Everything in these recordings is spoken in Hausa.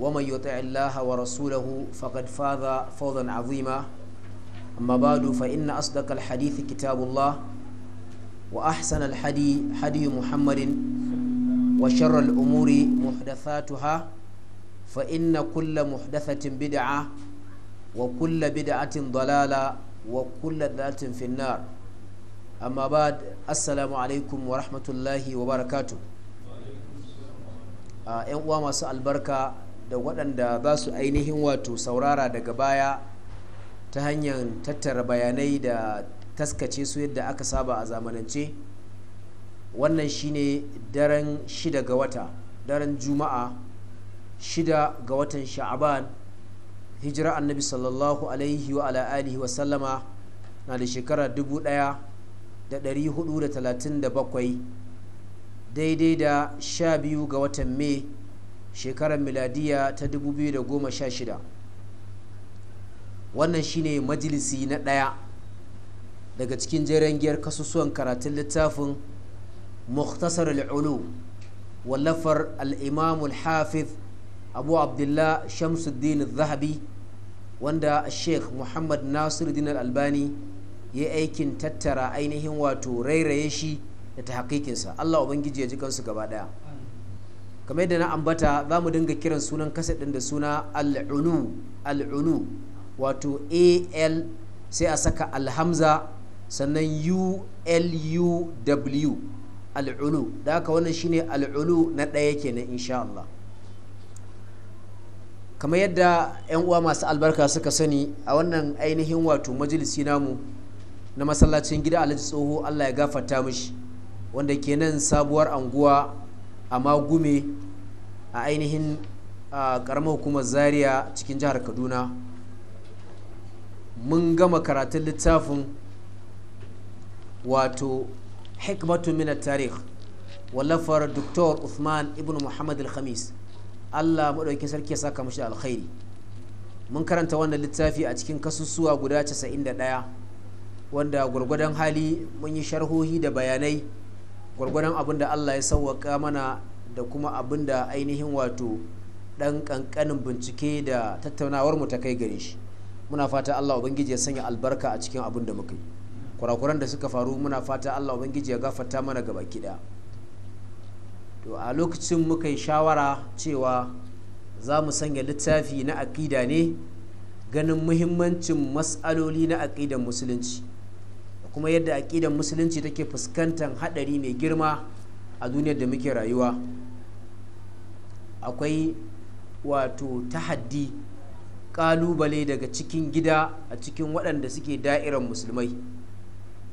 ومن يطع الله ورسوله فقد فاز فوزا عظيما أما بعد فإن أصدق الحديث كتاب الله وأحسن الحدي حدي محمد وشر الأمور محدثاتها فإن كل محدثة بدعة وكل بدعة ضلالة وكل ضلالة في النار أما بعد السلام عليكم ورحمة الله وبركاته 'yan uwa masu albarka da waɗanda za su ainihin wato saurara daga baya ta hanyar tattara bayanai da taskace su yadda aka saba a zamanance wannan shine daren shida ga wata daren juma'a shida ga watan sha'aban hijira annabi sallallahu alaihi wa ala alihi wasallama na da shekara 1437 daidai da sha biyu ga watan mai shekarar miladiya ta 2016 wannan shine majalisi na ɗaya daga cikin jerengiyar kasusuwan karatun littafin muktasar al'ulu wallafar al'imamu al-hafiz abu abdullah shamsuddin zahabi wanda sheikh muhammad Nasiru al-albani ya aikin tattara ainihin wato rairaye shi da ta haƙiƙinsa allah ubangiji ya ji kansu gaba ɗaya kamar yadda na ambata za mu dinga kiran sunan kasa ɗin da suna al'unu al'unu wato al sai a saka alhamza sannan ulw al'unu da haka wannan shine al'unu na ɗaya kenan insha Allah kamar yadda 'yan uwa masu albarka suka sani a wannan ainihin wato majalisi namu na masallacin gida alhaji tsoho Allah ya gafata mishi wanda kenan sabuwar anguwa amma gume a ainihin karamar hukumar zaria cikin jihar kaduna mun gama karatun littafin wato hikmatu min tarikh wallafar dr uthman ibn muhammad al-khamis allah maɗauki sarki ya saka mashi alkhairi mun karanta wannan littafi a cikin kasusuwa guda 91 wanda gwargwadon hali mun yi sharhohi da bayanai gwargwadon abin da Allah ya sauwaka mana da kuma abin da ainihin wato dan kankanin bincike da tattaunawar mu ta kai gare shi muna fata Allah ubangiji ya sanya albarka a cikin abin da muka yi kurakuran da suka faru muna fata Allah ubangiji ya gafarta mana gaba kida to a lokacin muka yi shawara cewa za mu sanya littafi na aƙida ne ganin muhimmancin mas'aloli na aƙidan musulunci kuma yadda aƙidan musulunci take fuskantar haɗari mai girma a duniyar da muke rayuwa akwai wato tahaddi ƙalubale daga cikin gida a cikin waɗanda suke da'irar musulmai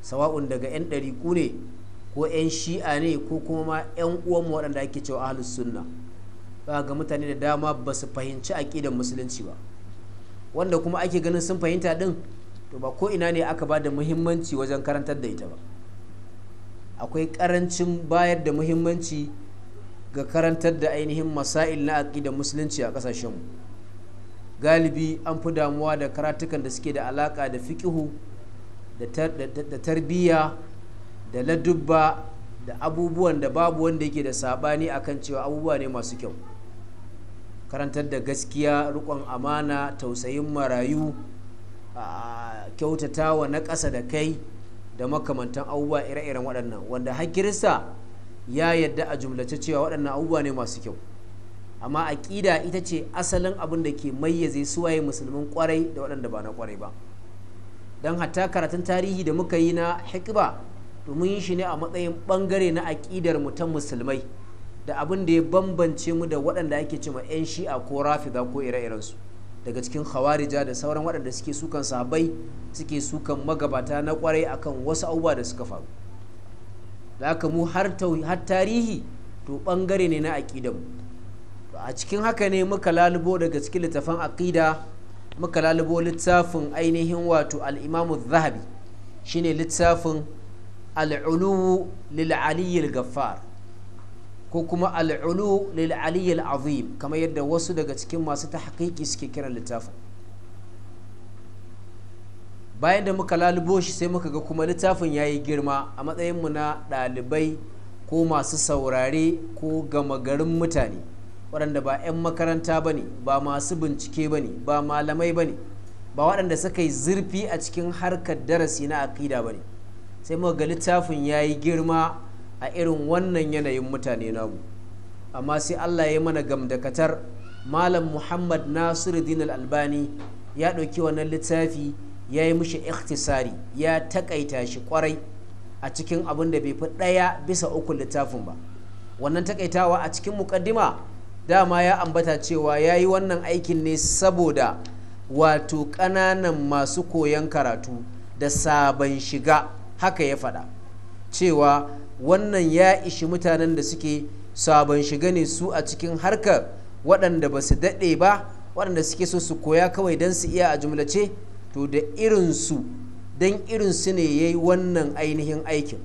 sawa'un daga 'yan ɗariƙu ne ko 'yan shi'a ne ko kuma ma 'yan uwanmu waɗanda ake cewa ahlus sunna ba ga mutane da dama ba su fahimci aƙidan musulunci ba wanda kuma ake ganin sun fahimta ɗin to ba ko ina ne aka ba da muhimmanci wajen karantar da ita ba akwai karancin bayar da muhimmanci ga karantar da ainihin masail na aƙidar musulunci a mu. galibi an fi damuwa da karatukan da suke da alaƙa da fikihu da tarbiyya da ladubba da abubuwan da babu wanda yake da sabani akan cewa abubuwa ne masu kyau karantar da gaskiya rikon amana tausayin marayu kyautatawa na ƙasa da kai da makamantan abubuwa ire-iren waɗannan wanda hakirsa ya yadda a jumlace cewa waɗannan abubuwa ne masu kyau amma aƙida ita ce asalin abin da ke mayyaze suwaye musulmin kwarai da waɗanda ba na kwarai ba don hatta karatun tarihi da muka yi na hikba domin shi ne a matsayin ɓangare na aƙidar mu ta musulmai da abin da ya bambance mu da waɗanda ake cewa 'yan shi'a ko rafi ko ire-irensu daga cikin khawarija da sauran waɗanda suke sukan sahabbai suke sukan magabata na kwarai akan wasu abubuwa da suka faru da aka mu har tarihi to ɓangare ne na aƙidan a cikin haka ne muka lalubo daga cikin littafin aƙida muka lalubo littafin ainihin wato al'imamu zahabi shine littafin al'uluwu lil'aliyyar gaffar ko kuma al'ulu lil aliyyil azim kamar yadda wasu daga cikin masu tahqiqi suke kiran littafin bayan da muka lalubo shi sai muka ga kuma littafin ya yi girma a matsayinmu na ɗalibai ko masu saurare ko gama garin mutane waɗanda ba 'yan makaranta ba ne ba masu bincike ba ne ba malamai ba ne ba waɗanda suka yi zurfi a cikin harkar darasi na aƙida ba ne sai muka ga littafin ya yi girma a irin wannan yanayin mutane namu amma sai Allah ya mana gamdakatar malam Muhammad Nasiru din albani ya ɗauki wannan littafi ya yi mishi ikhtisari ya takaita shi kwarai a cikin abin da bai fi ɗaya bisa uku littafin ba wannan takaitawa a cikin mukaddima dama ya ambata cewa ya yi wannan aikin ne saboda wato ƙananan masu koyon karatu da sabon shiga haka ya faɗa cewa wannan ya ishi mutanen da suke sabon shiga ne su a cikin harkar waɗanda ba su daɗe ba waɗanda suke so su koya kawai don su iya a jumlace to da irinsu don irinsu ne ya yi wannan ainihin aikin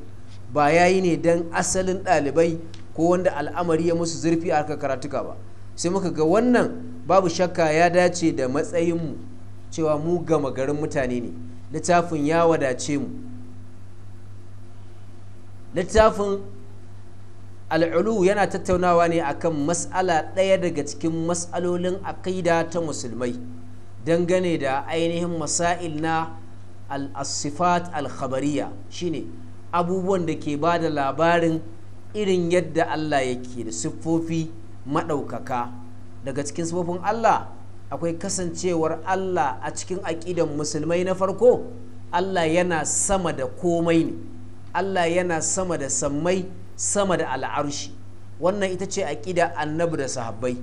ba ya yi ne don asalin ɗalibai ko wanda al'amari ya musu zurfi a harkar karatuka ba sai muka ga wannan babu shakka ya dace da matsayinmu cewa mu gama garin mutane ne littafin ya wadace mu littafin al'ulu yana tattaunawa ne akan matsala ɗaya daga cikin mas'alolin aƙida ta musulmai dangane da ainihin masail na al al'abariya al-khabariya shine abubuwan da ke ba da labarin irin yadda Allah yake da siffofi maɗaukaka daga cikin siffofin Allah akwai kasancewar Allah a cikin aƙidan musulmai na farko Allah yana sama da komai ne Allah yana sama da sammai sama da al'arshi wannan ita ce aƙida annabi da sahabbai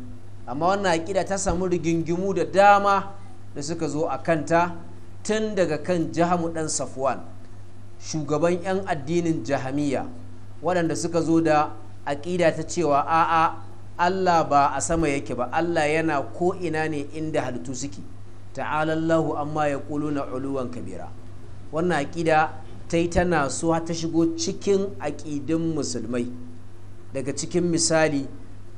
amma wannan aƙida ta samu rigingimu da dama da suka zo a kanta tun daga kan jahamu ɗan safwan shugaban 'yan addinin jahamiya waɗanda suka zo da aƙida ta cewa a'a Allah ba a sama yake ba Allah yana ko ina ne inda halittu suke ta'alallahu amma ya na uluwan kabira wannan aƙida ta yi tana so ta shigo cikin aƙidin musulmai daga cikin misali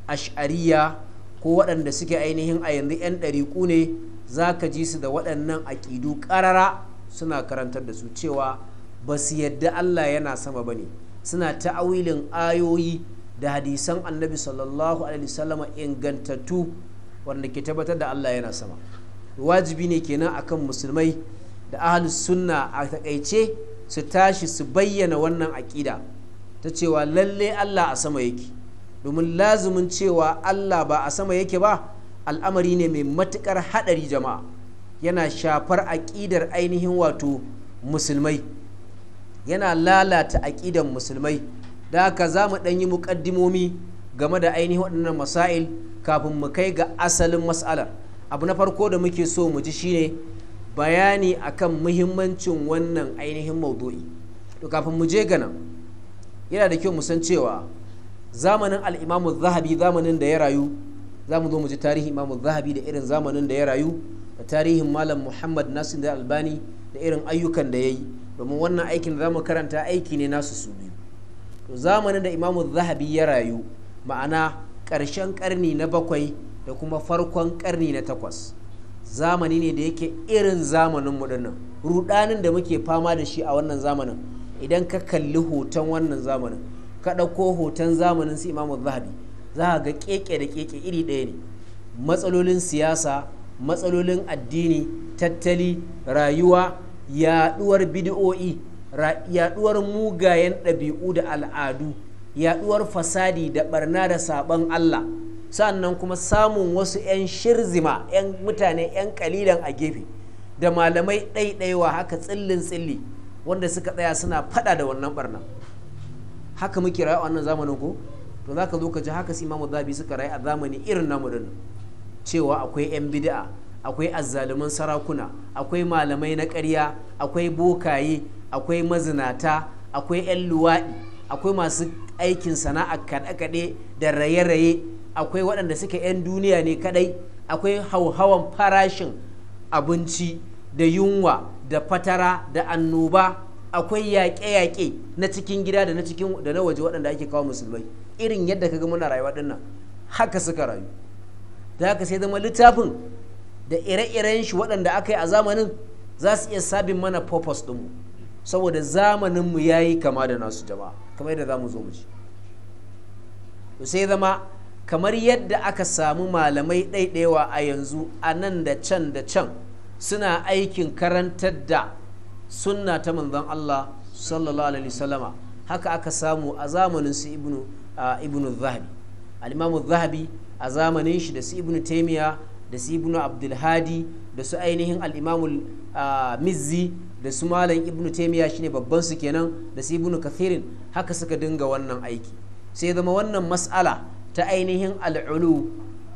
ash'ariya ko waɗanda suke ainihin a yanzu 'yan ɗariƙu ne za ka ji su da waɗannan aƙidu ƙarara suna karantar da su cewa ba su yadda Allah yana sama ba ne suna ta'awilin ayoyi da hadisan annabi sallallahu alaihi wasallama ingantattu wanda ke tabbatar da Allah yana sama wajibi ne kenan akan musulmai da ahalus sunna a takaice su tashi su bayyana wannan aƙida ta cewa lalle Allah a sama yake domin lazumin cewa Allah ba a sama yake ba al'amari ne mai matuƙar haɗari jama'a yana shafar aƙidar ainihin wato musulmai yana lalata aƙidan musulmai da haka za mu ɗanyi muƙaddimomi game da ainihin waɗannan masail kafin mu kai ga asalin mas'alar abu na farko da muke so mu ji shine bayani akan muhimmancin wannan ainihin maudu'i to kafin mu je gana yana da kyau mu san cewa zamanin al'imamu zahabi zamanin da ya rayu za mu zo mu ji tarihin imamu zahabi da irin zamanin da ya rayu da tarihin malam muhammad nasir da albani da irin ayyukan da ya yi domin wannan aikin da za mu karanta aiki ne nasu su biyu to zamanin da imamu zahabi ya rayu ma'ana ƙarshen ƙarni na bakwai da kuma farkon ƙarni na takwas zamani ne da yake irin zamanin mu rudanin da muke fama da shi a wannan zamanin idan ka kalli hoton wannan zamanin ka ɗauko hoton zamanin su imamu zahabi za a ga keke da keke iri ɗaya ne matsalolin siyasa matsalolin addini tattali rayuwa yaduwar bid'o'i yaduwar mugayen ɗabi'u da al'adu yaɗuwar fasadi da barna da saɓon Allah sannan kuma samun wasu 'yan shirzima 'yan mutane 'yan kalilan a gefe da malamai ɗaiɗaiwa haka tsillin tsilli wanda suka tsaya suna faɗa da wannan barna haka muke rayu a wannan zamanin ko to za ka zo ka ji haka su imamu zabi suka rayu a zamani irin namu din cewa akwai 'yan bida'a akwai azzaluman sarakuna akwai malamai na karya akwai bokaye akwai mazinata akwai 'yan luwaɗi akwai masu aikin sana'a kaɗe-kaɗe da raye-raye akwai waɗanda suke 'yan duniya ne kadai akwai hauhawan farashin abinci da yunwa da fatara da annoba akwai yaƙe-yaƙe na cikin gida da na cikin da na waje waɗanda ake kawo musulmai irin yadda kaga muna rayuwa dinnan haka suka rayu da haka sai zama littafin da ire-iren shi waɗanda aka yi a zamanin za su iya sabin mana purpose ɗinmu saboda zamaninmu ya yi kama da nasu jama'a kamar yadda za mu zo mu ci sai zama kamar yadda aka samu malamai ɗaiɗaiwa a yanzu a nan da can da can suna aikin karantar da sunna ta manzon Allah sallallahu alaihi wasallama haka aka samu a zamanin su ibnu ibnu zahabi al-imamu zahabi a zamanin shi da su ibnu taimiya da su ibnu abdulhadi da su ainihin al-imamu mizzi da su malam ibnu taimiya shine babban su kenan da su ibnu kathirin haka suka dinga wannan aiki sai zama wannan mas'ala ta ainihin al'ulu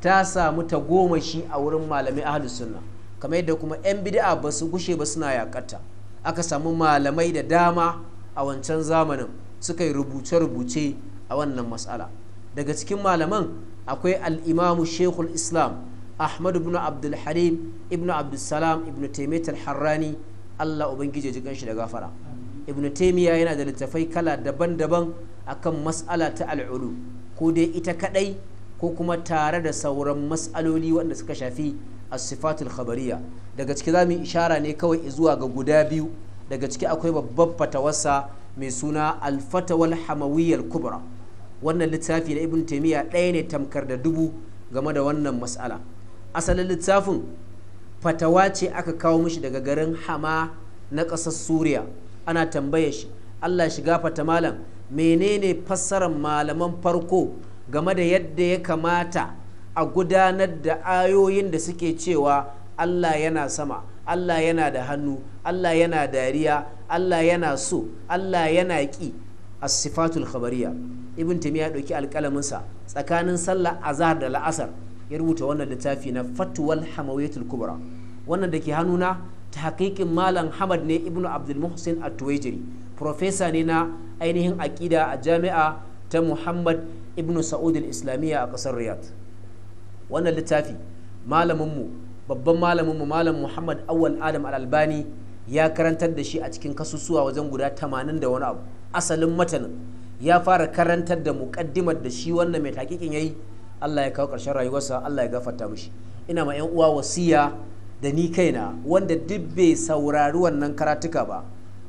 ta samu ta goma shi a wurin malamai ahlus sunna kamar yadda kuma 'yan bid'a ba su gushe ba suna yakata aka samu malamai da dama a wancan zamanin suka yi rubuce-rubuce a wannan mas'ala daga cikin malaman akwai al'imamu shekul islam ahmad ibn harim ibn abdulsalam ibn taimiyat harrani allah ubangiji ji shi da gafara ibn taimiyya yana da littafai kala daban-daban akan mas'ala ta al'ulu ko dai ita kadai ko kuma tare da sauran mas'aloli wanda suka shafi a sifatul khabariya daga ciki mu ishara ne kawai zuwa ga guda biyu daga ciki akwai babban fatawarsa mai suna alfatawal fatawal kubra wannan littafi na ibn taymiya ɗaya ne tamkar da dubu game da wannan mas'ala asalin littafin fatawa ce aka kawo mishi daga garin hama na ƙasar suriya ana tambaye shi allah shiga fata malam menene fassarar malaman farko game da yadda ya kamata a gudanar da ayoyin da suke cewa Allah yana sama Allah yana da hannu Allah yana dariya Allah yana so Allah yana ƙi a sifatul khabariya ibn ya ɗauki alƙalaminsa tsakanin sallar azhar da la'asar ya rubuta wannan littafi na fatuwal hamawiyatul kubra wannan da ke hannuna ta hakikin malam hamad ne ibnu abdul muhsin at profesa ne na ainihin aƙida a jami'a ta muhammad ibn sa'ud islamiyya a ƙasar riyadh wannan littafi malaminmu babban malaminmu malam muhammad awal adam al-albani ya karantar da shi a cikin kasusuwa wajen guda tamanin da wani abu asalin matanin ya fara karantar da muƙaddimar da shi wannan mai ya yayi Allah ya kawo ƙarshen rayuwarsa Allah ya gafarta mishi ina ma 'yan uwa wasiya da ni kaina wanda duk bai saurari wannan karatuka ba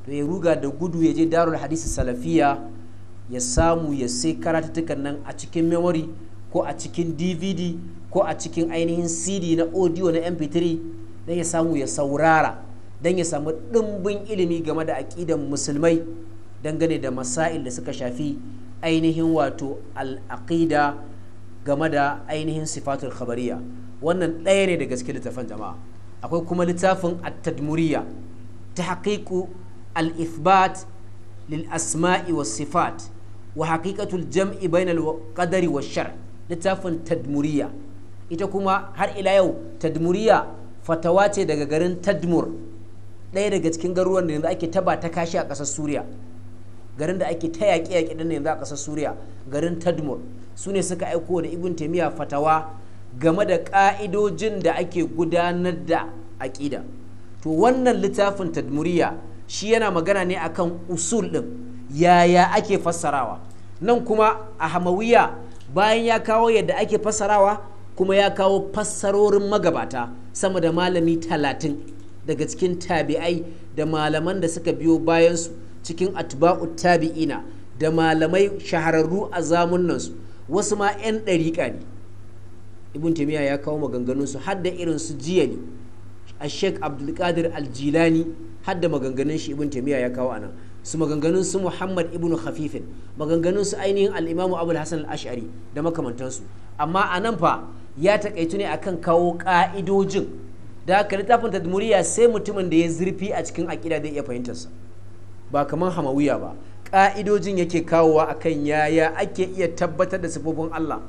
to ya ruga da gudu ya je darul hadisi salafiya ya samu ya sai karatuttukan nan a cikin memory ko a cikin dvd ko a cikin ainihin cd na audio na mp3 don ya samu ya saurara don ya samu ɗimbin ilimi game da aƙidan musulmai dangane da masail da suka shafi ainihin wato al'aƙida game da ainihin sifatul khabariya wannan ɗaya ne da gaske littafin jama'a akwai kuma littafin at-tadmuriya ta haƙiƙu Alifbat lil asma'i wasifat sifat wa haƙiƙatul jam'i bainal ƙadari wa shar littafin tadmuriya ita kuma har ila yau tadmuriya fatawa ce daga garin tadmur ɗaya daga cikin garuruwan da yanzu ake taba ta kashi a ƙasar suriya garin da ake ta yaƙi yaƙi ɗin yanzu a ƙasar suriya garin tadmur su ne suka aiko da ibn taimiyya fatawa game da ƙa'idojin da ake gudanar da aƙida to wannan littafin tadmuriya shi yana magana ne akan usul ɗin yaya ake fassarawa nan kuma a hamawiya bayan ya kawo yadda ake fassarawa kuma ya kawo fassarorin magabata sama da malami talatin daga cikin tabi'ai da malaman da suka biyo bayansu cikin atba'u tabi'ina da malamai shahararru a zamunansu wasu ma 'yan ɗariƙa ne ibn taimiyya ya kawo maganganunsu har da irin su ne a sheik abdulkadir aljilani har da maganganun shi ibn taimiyya ya kawo anan su maganganun su muhammad ibn khafifin maganganun su ainihin al'imamu abu abul hasan da makamantansu amma a nan fa ya takaitu ne akan kawo ka'idojin da aka littafin tadmuriya sai mutumin da ya zurfi a cikin akida zai iya fahimtarsa ba kamar hamawiya ba ka'idojin yake kawowa akan yaya ake iya tabbatar da sifofin Allah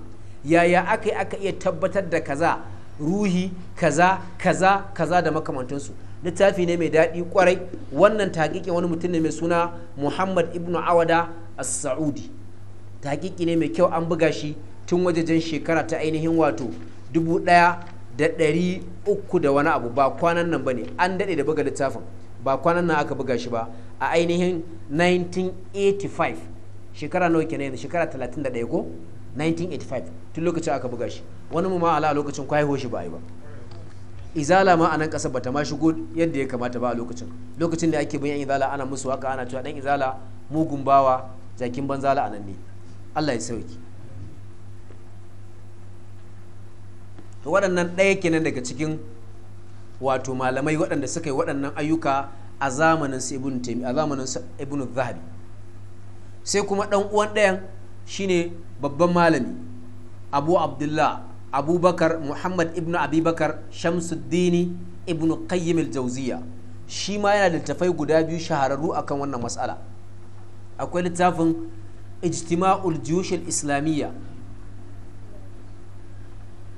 yaya aka aka iya tabbatar da kaza ruhi kaza kaza kaza da makamantansu littafi ne mai daɗi kwarai wannan taƙiƙin wani mutum ne mai suna muhammad ibn awada as-sa'udi taƙiƙi ne mai kyau an buga shi tun wajejen shekara ta ainihin wato dubu ɗaya da ɗari uku da wani abu ba kwanan nan ba ne an daɗe da buga littafin ba kwanan nan aka buga shi ba a ainihin 1985 shekara nawa kenan yanzu shekara 31 ko 1985 tun lokacin aka buga shi wani mu ma ala lokacin kwaye shi ba yi ba izala ma a nan ƙasar bata ma shigo yadda ya kamata ba a lokacin lokacin da ake bin yan izala ana musu waka ana cewa dan izala mugun bawa jakin banzala a nan ne Allah ya sauki to waɗannan ɗaya kenan daga cikin wato malamai waɗanda suka yi waɗannan ayyuka a zamanin su ibn a zamanin ibn zahabi sai kuma dan uwan ɗayan shine babban malami abu abdullah abubakar muhammad ibn abubakar shamsuddini ibn qayyim al jawziya shi ma yana littafai guda biyu shahararru akan wannan matsala akwai littafin ijtima'ul jiyush islamiyya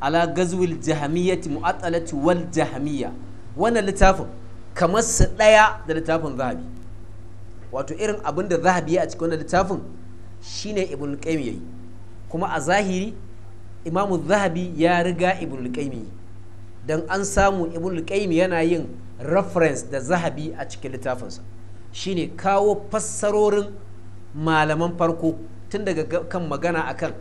ala gazwil jahamiyyati mu'attalati wal jahamiyya wannan littafin kamar su ɗaya da littafin zahabi wato irin abin da zahabi ya a cikin wannan littafin shine ibn qayyim kuma a zahiri imamu zahabi ya riga ibn qayyim dan an samu ibn qayyim yana yin reference da zahabi a cikin littafinsa shine kawo fassarorin malaman farko tun daga kan magana akan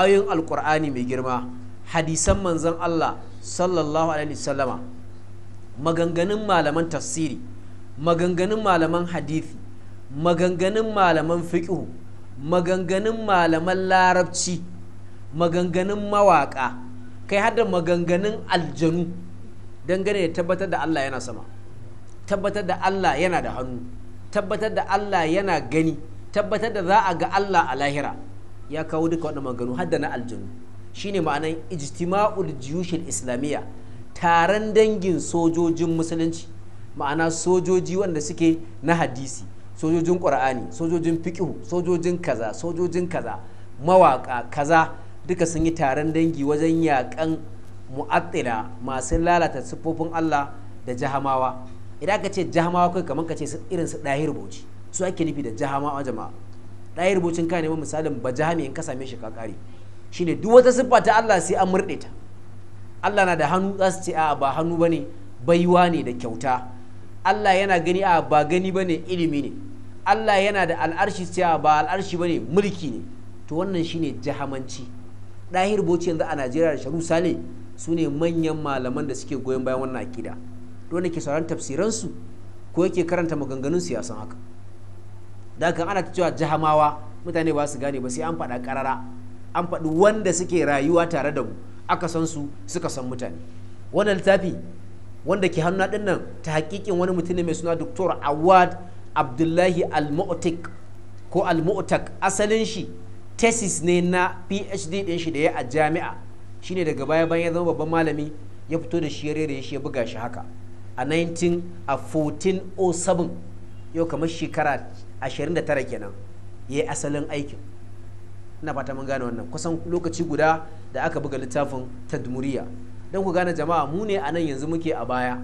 ayoyin alkur'ani mai girma hadisan manzon Allah sallallahu alaihi wasallama maganganun malaman tafsiri maganganun malaman hadithi maganganun malaman fiqhu maganganun malaman larabci maganganun mawaƙa. kai hada maganganun aljanu dangane da tabbatar da Allah yana sama tabbatar da Allah yana da hannu tabbatar da Allah yana gani tabbatar da za a ga Allah a lahira ya kawo duka waɗannan maganganu hada na aljanu shine ma'anan ijtima'ul jiyushil islamiyya taron dangin sojojin musulunci ma'ana sojoji wanda suke na hadisi sojojin ƙur'ani sojojin fiƙihu sojojin kaza sojojin kaza mawaƙa, kaza duka sun yi taron dangi wajen yakan mu'attila masu lalata siffofin Allah da jahamawa idan aka ce jahamawa kai kamar ka ce irin su ɗahir boci su ake nufi da jahamawa jama'a ɗahir bocin ka neman misalin ba jahami in ka same shi ka kare shine duk wata siffa ta Allah sai an murɗe ta Allah na da hannu za su ce a'a ba hannu bane baiwa ne da kyauta Allah yana gani a ba gani bane ilimi ne Allah yana da al'arshi cewa ba al'arshi bane mulki ne to wannan shine jahamanci ɗahir bauchi yanzu a najeriya da sharu sale su ne manyan malaman da suke goyon bayan wannan akida dole ke sauran tafsiransu ko yake karanta maganganun siyasan haka da kan ana cewa jahamawa mutane ba su gane ba sai an faɗa karara an faɗi wanda suke rayuwa tare da mu aka san su suka san mutane wannan littafi wanda ke hannu ɗin nan ta hakikin wani mutum ne mai suna doktor awad abdullahi al ko al asalin shi tesis ne na phd din shi da ya a jami'a shi ne daga baya bayan ya zama babban malami ya fito da shi ya rere shi ya buga shi haka a 19 a 1407 yau kamar shekara 29 kenan ya yi asalin aikin ina fata mun gane wannan kusan lokaci guda da aka buga littafin tadmuriya don ku gane jama'a mu ne a nan yanzu muke a baya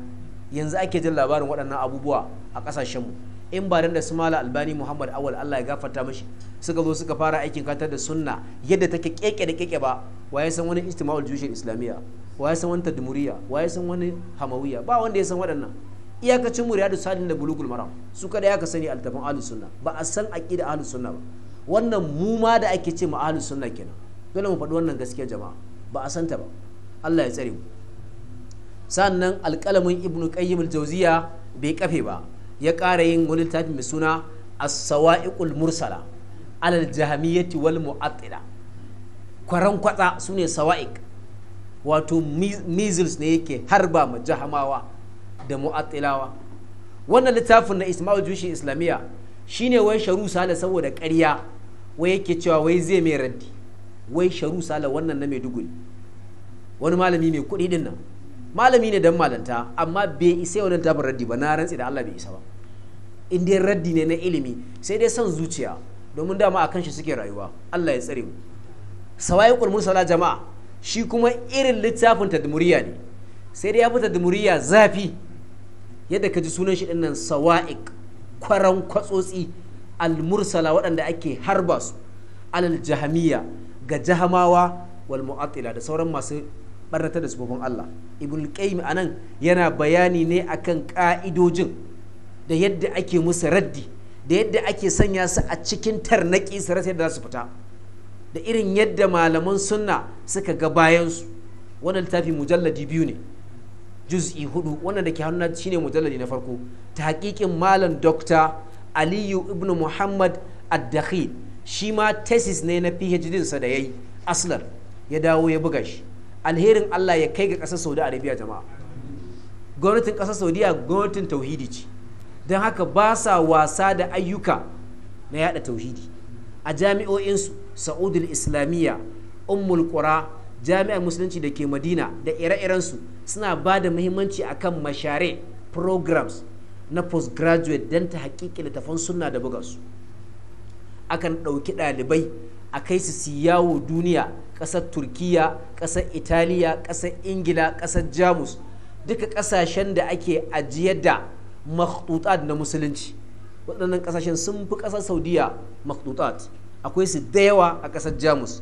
yanzu ake jin labarin waɗannan abubuwa a ƙasashenmu in ba da su mala albani muhammad awal allah ya gafarta mashi suka zo suka fara aikin katar da sunna yadda take keke da keke ba waye san wani ijtima'ul jushin islamiyya waye san wani tadmuriya waye san wani hamawiyya ba wanda ya san waɗannan iyakacin da salin da bulugul maram su kada ya ka sani altafin ahlus sunna ba a san aqida ahlus sunna ba wannan mu ma da ake ce ma ahlus sunna kenan dole mu faɗi wannan gaskiya jama'a ba a santa ba Allah ya tsare mu sannan alƙalamin ibnu qayyim al-jawziya bai kafe ba ya ƙara yin wani littafi mai suna as-sawa'iqul mursala alal jahamiyyati wal mu'attila kwaran kwatsa sune sawa'iq wato measles ne yake harba ma jahamawa da mu'attilawa wannan littafin na Ismail Jushi Islamiyya shine wai Sharu Sale saboda ƙarya wai yake cewa wai zai mai raddi wai Sharu Sale wannan na Maiduguri wani malami mai kuɗi din nan malami ne dan malanta amma bai isa wannan tabin raddi ba na rantsi da Allah bai isa ba in dai raddi ne na ilimi sai dai son zuciya domin dama a kan shi suke rayuwa Allah ya tsare mu sawaiqul mursala jama'a shi kuma irin littafin tadmuriya ne sai dai ya fi tadmuriya zafi yadda ka ji sunan shi dinnan sawa'iq kwaran kwatsotsi almursala waɗanda ake harba su alal jahamiya ga jahamawa wal mu'attila da sauran masu barnata da sufofin Allah ibn qayyim anan yana bayani ne akan ka'idojin da yadda ake musu raddi da yadda ake sanya su a cikin tarnaki su rasa yadda za su fita da irin yadda malaman sunna suka ga bayansu wannan littafi mujalladi biyu ne juz'i hudu wannan da ke hannu shine mujalladi na farko ta hakikin malam dokta aliyu ibn muhammad ad-dakhil shi ma tesis ne na phd sa da yayi aslan ya dawo ya buga shi alherin allah ya kai ga ƙasar saudi arabia jama'a gwamnatin ƙasar saudiya gwamnatin tauhidi ce don haka ba sa wasa da ayyuka na yada tauhidi a jami'o'insu sa'udul islamiyya ummul qura jami'ar musulunci da ke madina da ire-irensu suna ba da muhimmanci akan mashare programs na postgraduate don ta haƙiƙi littafan suna da buga su akan ɗauki ɗalibai a kai su siyawo duniya ƙasar turkiya ƙasar italiya ƙasar ingila ƙasar jamus duka ƙasashen da ake ajiyar da makhtutat na musulunci waɗannan ƙasashen sun fi ƙasar saudiya makhtutat akwai su da yawa a ƙasar jamus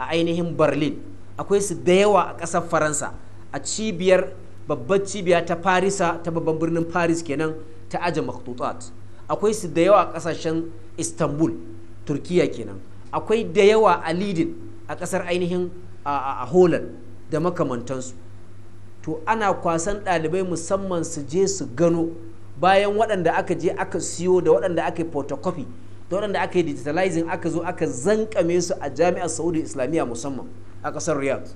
a ainihin berlin akwai su da yawa a ƙasar faransa a cibiyar babbar cibiya ta farisa ta babban birnin paris kenan ta aje makhtutat akwai su da yawa a ƙasashen istanbul turkiya kenan akwai da yawa a lidin a ƙasar ainihin a holland da makamantansu to ana kwasan ɗalibai musamman su je su gano bayan waɗanda aka je aka siyo da waɗanda aka yi photocopy da waɗanda aka yi digitalizing aka zo aka zankame su a jami'ar saudi islamiyya musamman a ƙasar riyadh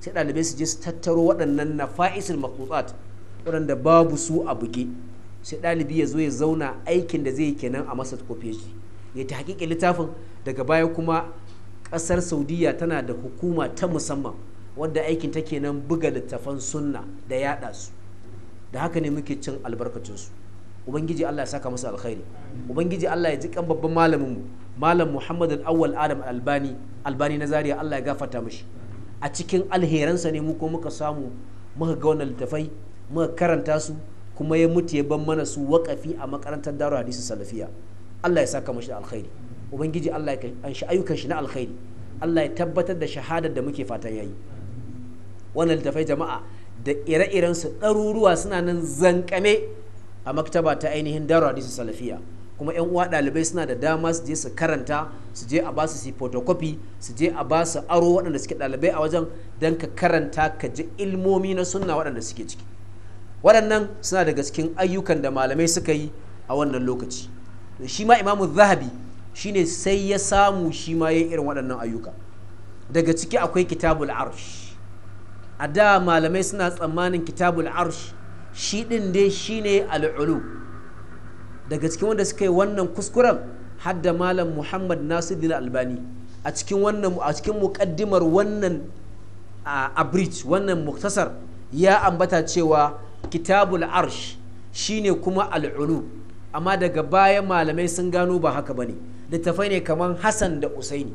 sai ɗalibai su je su tattaro waɗannan na fa'isul makutsat waɗanda babu su a buge sai ɗalibi ya zo ya zauna aikin da zai yi kenan a masa phd ya ta littafin daga baya kuma ƙasar saudiyya tana da hukuma ta musamman wadda aikin ta kenan buga littafan sunna da yaɗa su da haka ne muke cin albarkacinsu ubangiji Allah ya saka musu alkhairi ubangiji Allah ya ji kan babban malamin mu malam Muhammad al-Awwal Adam albani albani na Zaria Allah ya gafarta mishi a cikin alheransa ne mu ko muka samu muka ga wannan littafai muka karanta su kuma ya mutu ya ban mana su waƙafi a makarantar daru hadisi salafiya Allah ya saka mashi alkhairi ubangiji Allah ya anshi ayyukan shi na alkhairi Allah ya tabbatar da shahadar da muke fatan yayi wannan littafai jama'a da ire-iren su ɗaruruwa suna nan zankame a maktaba ta ainihin a hadisi salafiya kuma yan uwa dalibai suna da dama su je su karanta su je a basu su photocopy su je a basu aro waɗanda suke dalibai a wajen don ka karanta ka ji ilmomi na sunna waɗanda suke ciki waɗannan suna daga cikin ayyukan da malamai suka yi a wannan lokaci shi ma imamu zahabi shine sai ya samu shi ma ya irin waɗannan ayyuka daga ciki akwai kitabul arsh a da malamai suna tsammanin kitabul arsh shi ɗin dai shi ne al'ulu daga cikin wanda suka yi wannan kuskuren hadda malam muhammad nasiruddin albani a cikin wannan a cikin muƙaddimar wannan abridge wannan muktasar ya ambata cewa kitabul arsh ne kuma al'ulu amma daga baya malamai sun gano ba haka ba ne littafai ne kamar hassan da usaini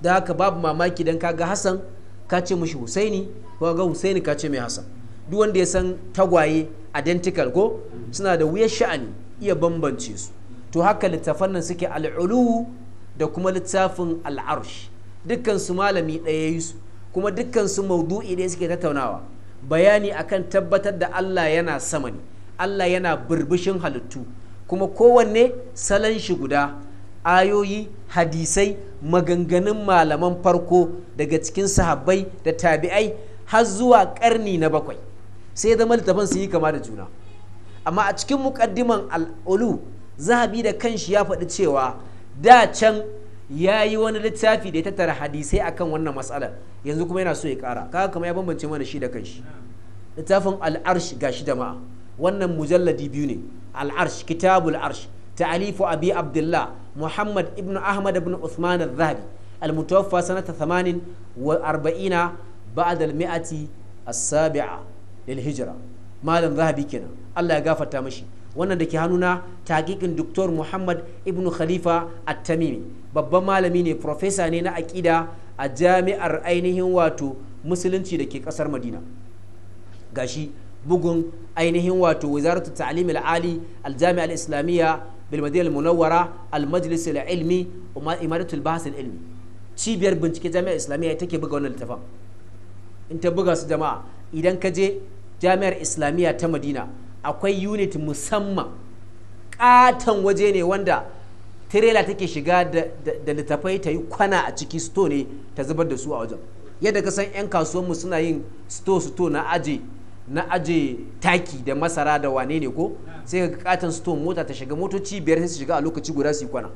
da haka babu mamaki don ka ga hassan ka ce mushi husaini ko ga husaini ka ce mai hassan duk wanda ya san tagwaye identical ko suna da wuyar sha'ani iya bambance su to haka littafan nan suke al'ulu da kuma littafin al'arshi dukkan su malami ɗaya yi su kuma dukkan su maudu'i ɗaya suke tattaunawa bayani akan tabbatar da Allah yana sama ne Allah yana burbushin halittu kuma kowanne salon shi guda ayoyi hadisai maganganun malaman farko daga cikin sahabbai da tabi'ai har zuwa ƙarni na bakwai sai zama littafan su yi kama da juna amma a cikin muƙaddiman al'ulu zahabi da kanshi ya faɗi cewa da can ya yi wani littafi da ya tattara hadisai akan wannan matsalar yanzu kuma yana so ya ƙara kaga kamar ya bambance mana shi da kanshi littafin al'arsh ga shi jama'a wannan mujalladi biyu ne al'arsh kitabul arsh ta'alifu abi abdullah muhammad ibn ahmad ibn usman al-zahabi al-mutawaffa sanata 48 ba'da al-mi'ati lil hijira malam zahabi kenan Allah ya gafarta mashi wannan da ke hannuna takikin doktor Muhammad ibnu Khalifa At-Tamimi babban malami ne profesa ne na aƙida a jami'ar ainihin wato musulunci da ke ƙasar Madina gashi bugun ainihin wato wizaratu ta'lim al-ali al-jami'a al-islamiyya bil madina al-munawwara al-majlis al-ilmi wa imaratul bahs al-ilmi cibiyar bincike jami'ar islamiyya take buga wannan littafin in ta buga su jama'a idan ka je jami'ar islamiyya ta madina akwai unit musamman katon waje ne wanda tirela take shiga da littafai ta yi kwana a ciki sto ne ta zubar da su a wajen yadda ka san 'yan kasuwanmu suna yin sto sto na aje na aje taki da masara da wane ne ko sai ka katon sto mota ta shiga motoci biyar sai su shiga a lokaci guda su yi kwana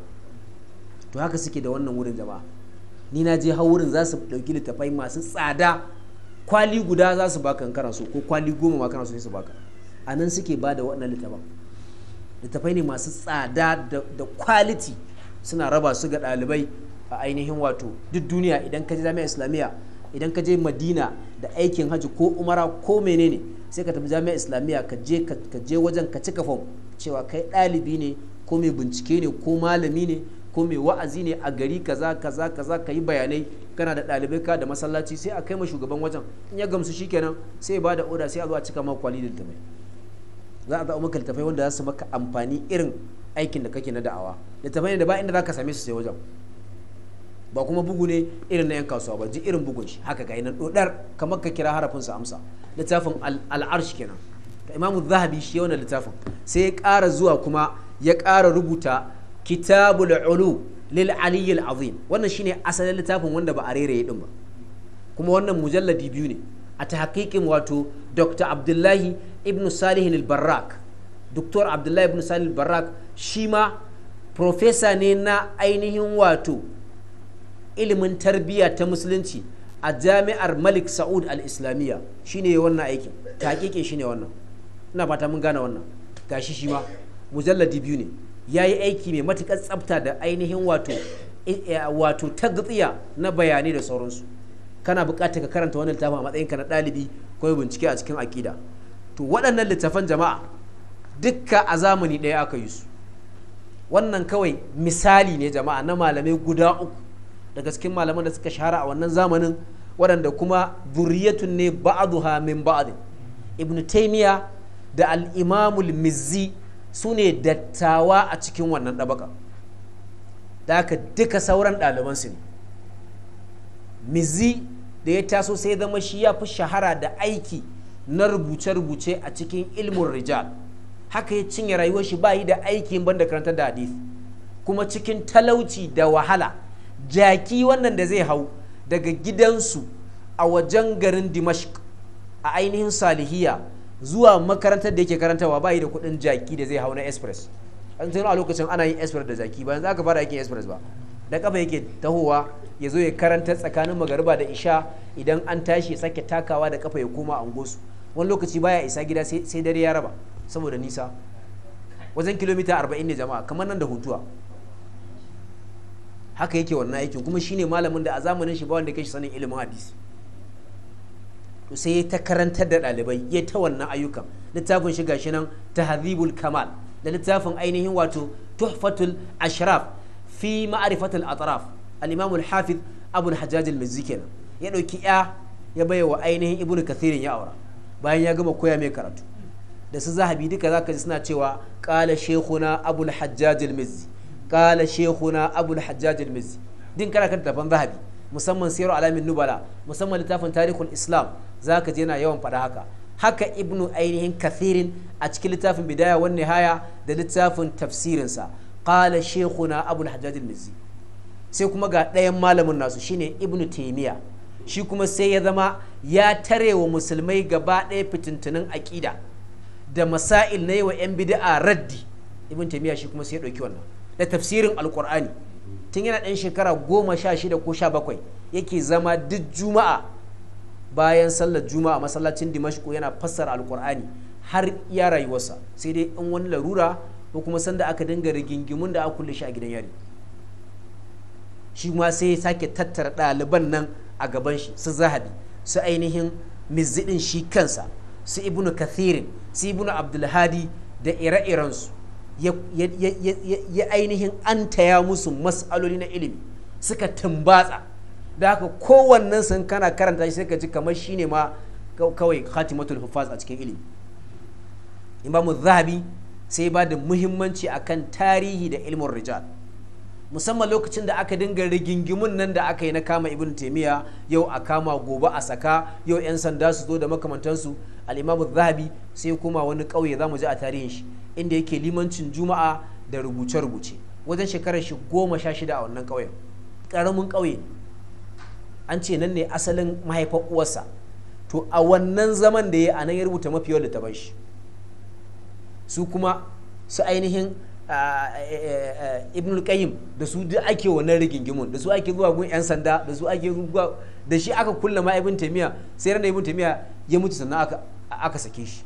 to haka suke da wannan wurin jama'a ni na je hau wurin za su ɗauki littafai masu tsada kwali guda za su baka in kana ko kwali goma ma kana so su baka a nan suke ba da waɗannan littafan littafai ne masu tsada da quality suna raba su ga ɗalibai a ainihin wato duk duniya idan ka je jami'a islamiyya idan ka je madina da aikin hajji ko umara ko menene sai ka tafi jami'a islamiyya ka je ka je wajen ka cika fom cewa kai ɗalibi ne ko mai bincike ne ko malami ne ko mai wa'azi ne a gari kaza kaza kaza ka yi bayanai kana da ɗalibai ka da masallaci sai a kai ma shugaban wajen in ya gamsu shikenan sai ya bada oda sai a zo a cika ma kwali da littafai za a zaɓa maka littafai wanda za su maka amfani irin aikin da kake na da'awa littafai ne da ba inda za ka same su sai wajen ba kuma bugu ne irin na 'yan kasuwa ba ji irin bugun shi haka ga nan dodar kamar ka kira harafin sa amsa littafin al'arshi kenan imamu zahabi shi wannan littafin sai ya ƙara zuwa kuma ya ƙara rubuta kitabul ulu lil aliyyil azim wannan shine asalin littafin wanda ba a reraye din ba kuma wannan mujalladi biyu ne a tahqiqin wato Dr. Abdullahi ibn Salih al-Barrak Dr. Abdullahi ibn Salih al-Barrak shi ma ne na ainihin wato ilimin tarbiyya ta musulunci a jami'ar Malik Saud al-Islamiyya shine wannan aikin tahqiqin shine wannan ina fata mun gane wannan gashi shi ma mujalladi biyu ne ya yi aiki mai matuƙar tsafta da ainihin wato eh, eh, wato tagtsiya na bayanai da sauransu kana buƙatar ka karanta wannan littafin a matsayinka na ɗalibi ko bincike a cikin akida. to waɗannan littafan jama'a dukka a zamani ɗaya aka yi su wannan kawai misali ne jama'a na malamai guda uku daga cikin malaman da suka shahara a wannan zamanin waɗanda kuma buriyatun ne ba'aduha min ba'adin ibnu taymiya da al-imamul mizzi su ne dattawa a cikin wannan ɗabaka da aka duka sauran ɗalibansu ne mizi da ya taso sai zama shi ya fi shahara da aiki na rubuce-rubuce a cikin ilmin rijal haka ya cinye rayuwar shi bayi da ban da karanta da hadith kuma cikin talauci da wahala jaki wannan da zai hau daga gidansu a wajen garin dimashq a ainihin salihiyya. zuwa makarantar da yake karantarwa ba yi da kuɗin jaki da zai hau na express an tun a lokacin ana yin express da jaki bayan za ka fara aikin express ba da kafa yake tahowa ya zo ya karanta tsakanin magariba da isha idan an tashi ya sake takawa da kafa ya koma angosu wani lokaci baya isa gida sai dare ya raba saboda nisa wajen kilomita 40 ne jama'a kamar nan da hutuwa haka yake wannan aikin kuma shine malamin da a zamanin shi ba wanda kai shi sanin ilimin hadisi to sai ya ta karantar da ɗalibai ya ta wannan ayyukan littafin shi gashi nan tahzibul kamal da littafin ainihin wato tuhfatul ashraf fi ma'arifatul atraf al-imam al-hafiz abul hajjaj al-mizzi kenan ya dauki ya ya baiwa ainihin ibnu kathirin ya aura bayan ya gama koya mai karatu da su zahabi duka zaka ji suna cewa qala shaykhuna abul hajjaj al-mizzi qala shaykhuna abul hajjaj al-mizzi din kana kan tafan zahabi musamman siyar alamin nubala musamman littafin tarihul islam za ka je yana yawan faɗa haka haka ibnu ainihin kathirin a cikin littafin bidaya wan haya da littafin tafsirinsa qala shekuna abu hajjaj mizzi sai kuma ga ɗayan malamin nasu shine ibnu taimiya shi kuma sai ya zama ya tare wa musulmai gaba ɗaya fitintunin aƙida da masail na yi wa 'yan bida'a raddi Ibnu taimiya shi kuma sai ya ɗauki wannan da tafsirin alkur'ani tun yana ɗan shekara goma sha shida ko sha bakwai yake zama duk juma'a bayan sallar juma'a masallacin dimashku yana fassara alkur'ani har ya rayuwarsa sai dai in wani larura ko kuma sanda aka dinga rigingimun da aka kulle shi a gidan yari shi ma sai ya sake tattara ɗaliban nan a gaban shi su zahabi su ainihin mizidin shi kansa su ibnu kathirin su ibnu abdulhadi da ire-irensu ya ainihin an taya musu matsaloli na ilimi suka tumbatsa da haka kowannen sun kana karanta shi sai ka ji kamar ne ma kawai khatimatul hufaz a cikin ilimi imamu zahabi sai ba da muhimmanci akan tarihi da ilmin rijal musamman lokacin da aka dinga rigingimun nan da aka yi na kama ibn taimiyya yau a kama gobe a saka yau 'yan sanda su zo da makamantansu al'imamu zahabi sai kuma wani kauye za mu ji a tarihin shi inda yake limancin juma'a da rubuce-rubuce wajen shekarar shi goma sha shida a wannan ƙauyen ƙaramin kauye an ce nan ne asalin mahaifar uwarsa to a wannan zaman da ya anan ya rubuta mafi yawan littafan shi su kuma su ainihin ibn qayyim da su duk ake wannan rigingimun da su ake zuwa gun yan sanda da su ake zuwa da shi aka kulla ma ibn taymiya sai ran ibn taymiya ya mutu sannan aka sake shi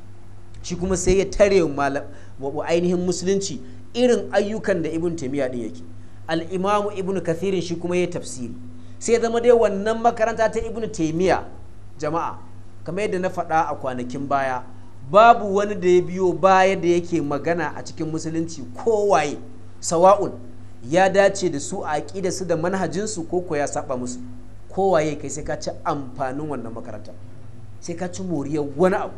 shi kuma sai ya tare wa ainihin musulunci irin ayyukan da ibn taimiyya ɗin yake al-imamu ibn kathirin shi kuma ya tafsiri sai zama dai wannan makaranta ta ibn taimiyya jama'a kamar yadda na faɗa a kwanakin baya babu wani da ya biyo baya da yake magana a cikin musulunci kowaye sawa'un ya dace da su a da su da manhajinsu ko ko ya saba musu kowaye kai sai ka ci amfanin wannan makaranta sai ka ci moriyar wani abu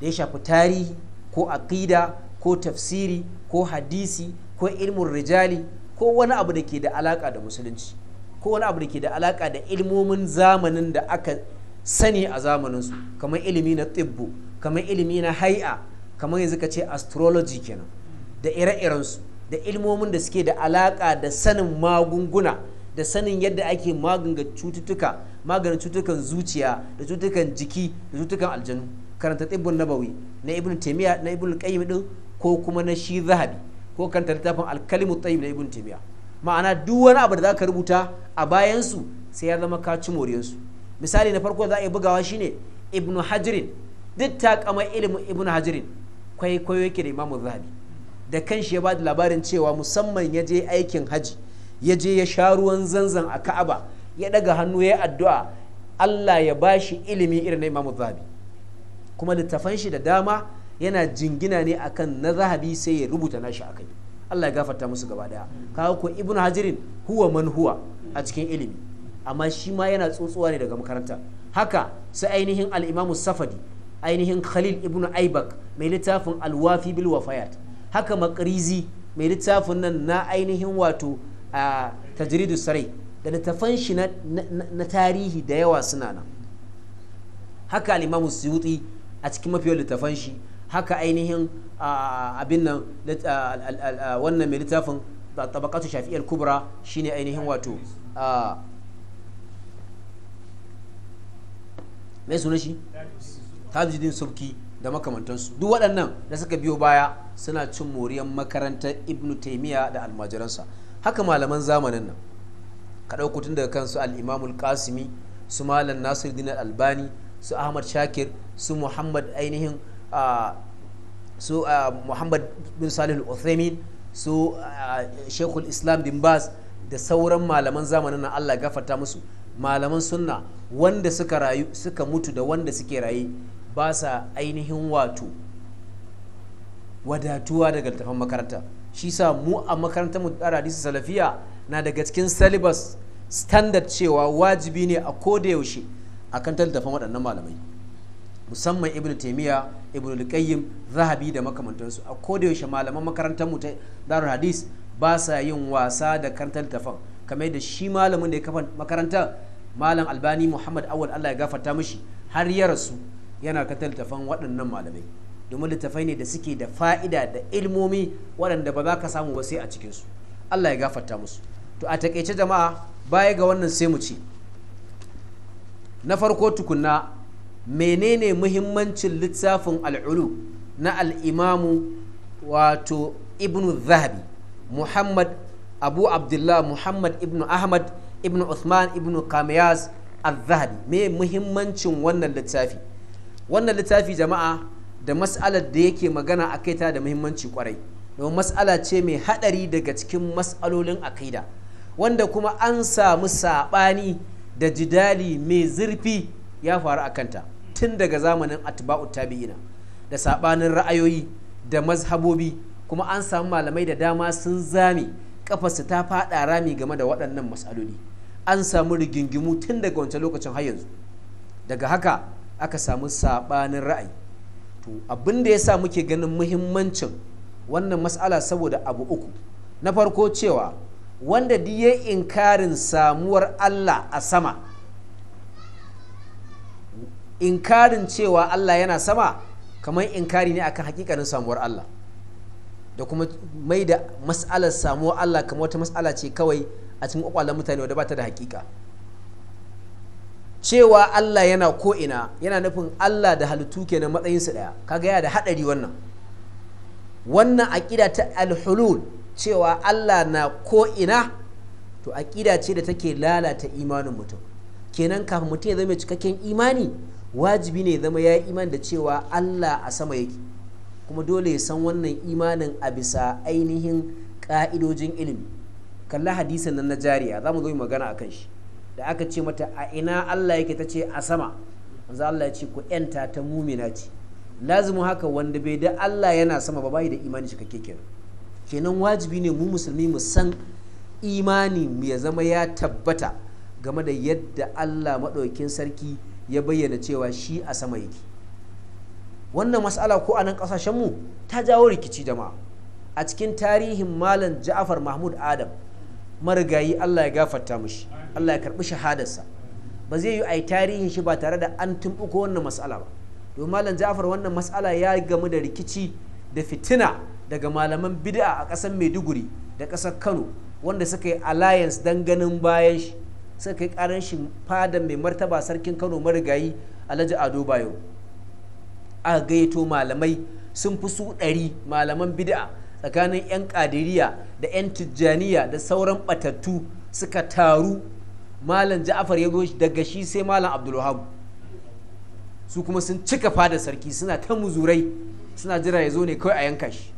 da ya shafi tarihi ko aƙida ko tafsiri ko hadisi ko ilmin rijali ko wani abu da ke da alaƙa da musulunci ko wani abu da ke da alaƙa da ilmomin zamanin da aka sani a zamaninsu kamar ilimi na tibbu kamar ilimi na hai'a kamar yanzu ka ce astrology kenan da ire-irensu da ilmomin da suke da alaƙa da sanin magunguna da sanin yadda ake maganga cututtuka maganin cututtukan zuciya da cututtukan jiki da cututtukan aljanu karanta tibbun nabawi na ibn taymiya na ibn qayyim din ko kuma na shi zahabi ko karanta littafin al-kalimu tayyib na ibn taymiya ma'ana duk wani abu da za rubuta a bayan su sai ya zama ka ci moriyar su misali na farko za a yi bugawa shine ibn hajirin duk ta kama ilimin ibn hajirin kwaikwayo yake da imamu zahabi da kanshi ya ba da labarin cewa musamman ya je aikin haji ya je ya sha ruwan zanzan a ka'aba ya daga hannu ya yi addu'a Allah ya bashi ilimi irin na imamu zahabi kuma littafan shi da dama yana jingina ne akan na zahabi sai ya rubuta nashi akai Allah ya gafarta musu gaba daya kawo ko ibn hajirin huwa man huwa a cikin ilimi amma shi ma yana tsotsuwa ne daga makaranta haka su ainihin al-imamu safadi ainihin khalil ibn aibak mai littafin alwafi bil wafayat haka makrizi mai littafin nan na ainihin wato a tajridu sarai da littafan shi na tarihi da yawa suna nan haka al-imamu suyuti a cikin mafiyar littafan shi haka ainihin abin nan wannan mai littafin tabakatu shafi'ar kubra shine ainihin wato mai suna shi subki da makamantansu duk waɗannan da suka biyo baya suna cin moriyar makarantar ibnu taimiyya da almajiransa haka malaman zamanin nan ka ɗauko daga kansu al'imamul kasimi su malam nasiruddin albani su ahmad shakir su muhammad ainihin su muhammad bin salih al su shekul islam bin baz da sauran malaman zamanin nan allah gafarta musu malaman sunna wanda suka rayu suka mutu da wanda suke raye ba sa ainihin wato wadatuwa daga littafin makaranta shi sa mu a makarantar mu hadisi salafiya na daga cikin syllabus standard cewa wajibi ne a koda yaushe akan tattafan waɗannan malamai musamman Ibn taimiyya Ibn al-qayyim zahabi da makamantansu a kodayaushe malaman makarantar mu ta darul hadis ba sa yin wasa da kan tafan kamar da shi malamin da ya kafa makarantar malam albani muhammad awal allah ya gafarta mishi har ya rasu yana kan tafan waɗannan malamai domin littafai ne da suke da fa'ida da ilmomi waɗanda ba za ka samu ba sai a cikinsu allah ya gafarta musu to a taƙaice jama'a baya ga wannan sai mu ce na farko tukunna menene muhimmancin littafin al'ulu na al'imamu wato ibn zahabi muhammad abu abdullah muhammad ibn ahmad ibn usman ibn kamiyas al-zahabi me muhimmancin wannan littafi wannan littafi jama'a da mas'alar da yake magana a kai ta da muhimmanci kwarai domin mas'ala ce mai haɗari daga cikin mas'alolin akida wanda kuma an samu saɓani da jidali mai zurfi ya faru a kanta tun daga zamanin atba'u tabi'ina da sabanin ra'ayoyi da mazhabobi kuma an samu malamai da dama sun zame kafarsu ta fada rami game da waɗannan matsaloli an samu rigingimu tun daga wancan lokacin har yanzu daga haka aka samu sabanin ra'ayi to abin da yasa muke ganin muhimmancin wannan matsala saboda abu uku na farko cewa wanda duk ya inkarin samuwar Allah a sama inkarin cewa Allah yana sama kamar inkari ne akan hakikanin samuwar Allah da kuma mai da mas'alar samuwar Allah kamar wata matsala ce kawai a cikin kwakwalar mutane wadda ba ta da hakika cewa Allah yana ko'ina yana nufin Allah da halittu ke na matsayinsu ɗaya kaga yana da haɗari wannan wannan aƙida ta alhulul cewa Allah na ko ina to aƙida ce da take lalata imanin mutum kenan kafin mutum ya zama cikakken imani wajibi ne zama ya iman da cewa Allah a sama yake kuma dole ya san wannan imanin a bisa ainihin ƙa'idojin ilimi kalla hadisan nan na jariya za mu zo magana a kan shi da aka ce mata a ina Allah yake ta ce a sama wanzu Allah ya ce ku yanta ta mumina ce lazimu haka wanda bai da Allah yana sama ba bai da imani cikakke kenan kenan wajibi ne mu musulmi mu san imani mu ya zama ya tabbata game da yadda Allah maɗaukin sarki ya bayyana cewa shi a sama yake wannan mas'ala ko a nan mu ta jawo rikici jama'a a cikin tarihin malam ja'afar mahmud adam marigayi Allah ya gafarta mushi Allah ya karɓi shahadarsa ba zai yi a yi tarihin shi ba tare da an tumɓuko wannan mas'ala ba domin malam ja'afar wannan mas'ala ya gamu da rikici da fitina daga malaman bid'a a ƙasar maiduguri da ƙasar kano wanda suka yi alliance don ganin bayan shi suka kai ƙarar shi fada mai martaba sarkin kano marigayi alhaji ado bayo a gaito malamai sun fi su ɗari malaman bid'a tsakanin 'yan kadiriya da 'yan tijjaniya da sauran batattu suka taru malam ja'afar ya zo daga shi sai malam abdulwahab su kuma sun cika fada sarki suna ta muzurai suna jira ya zo ne kawai a yanka shi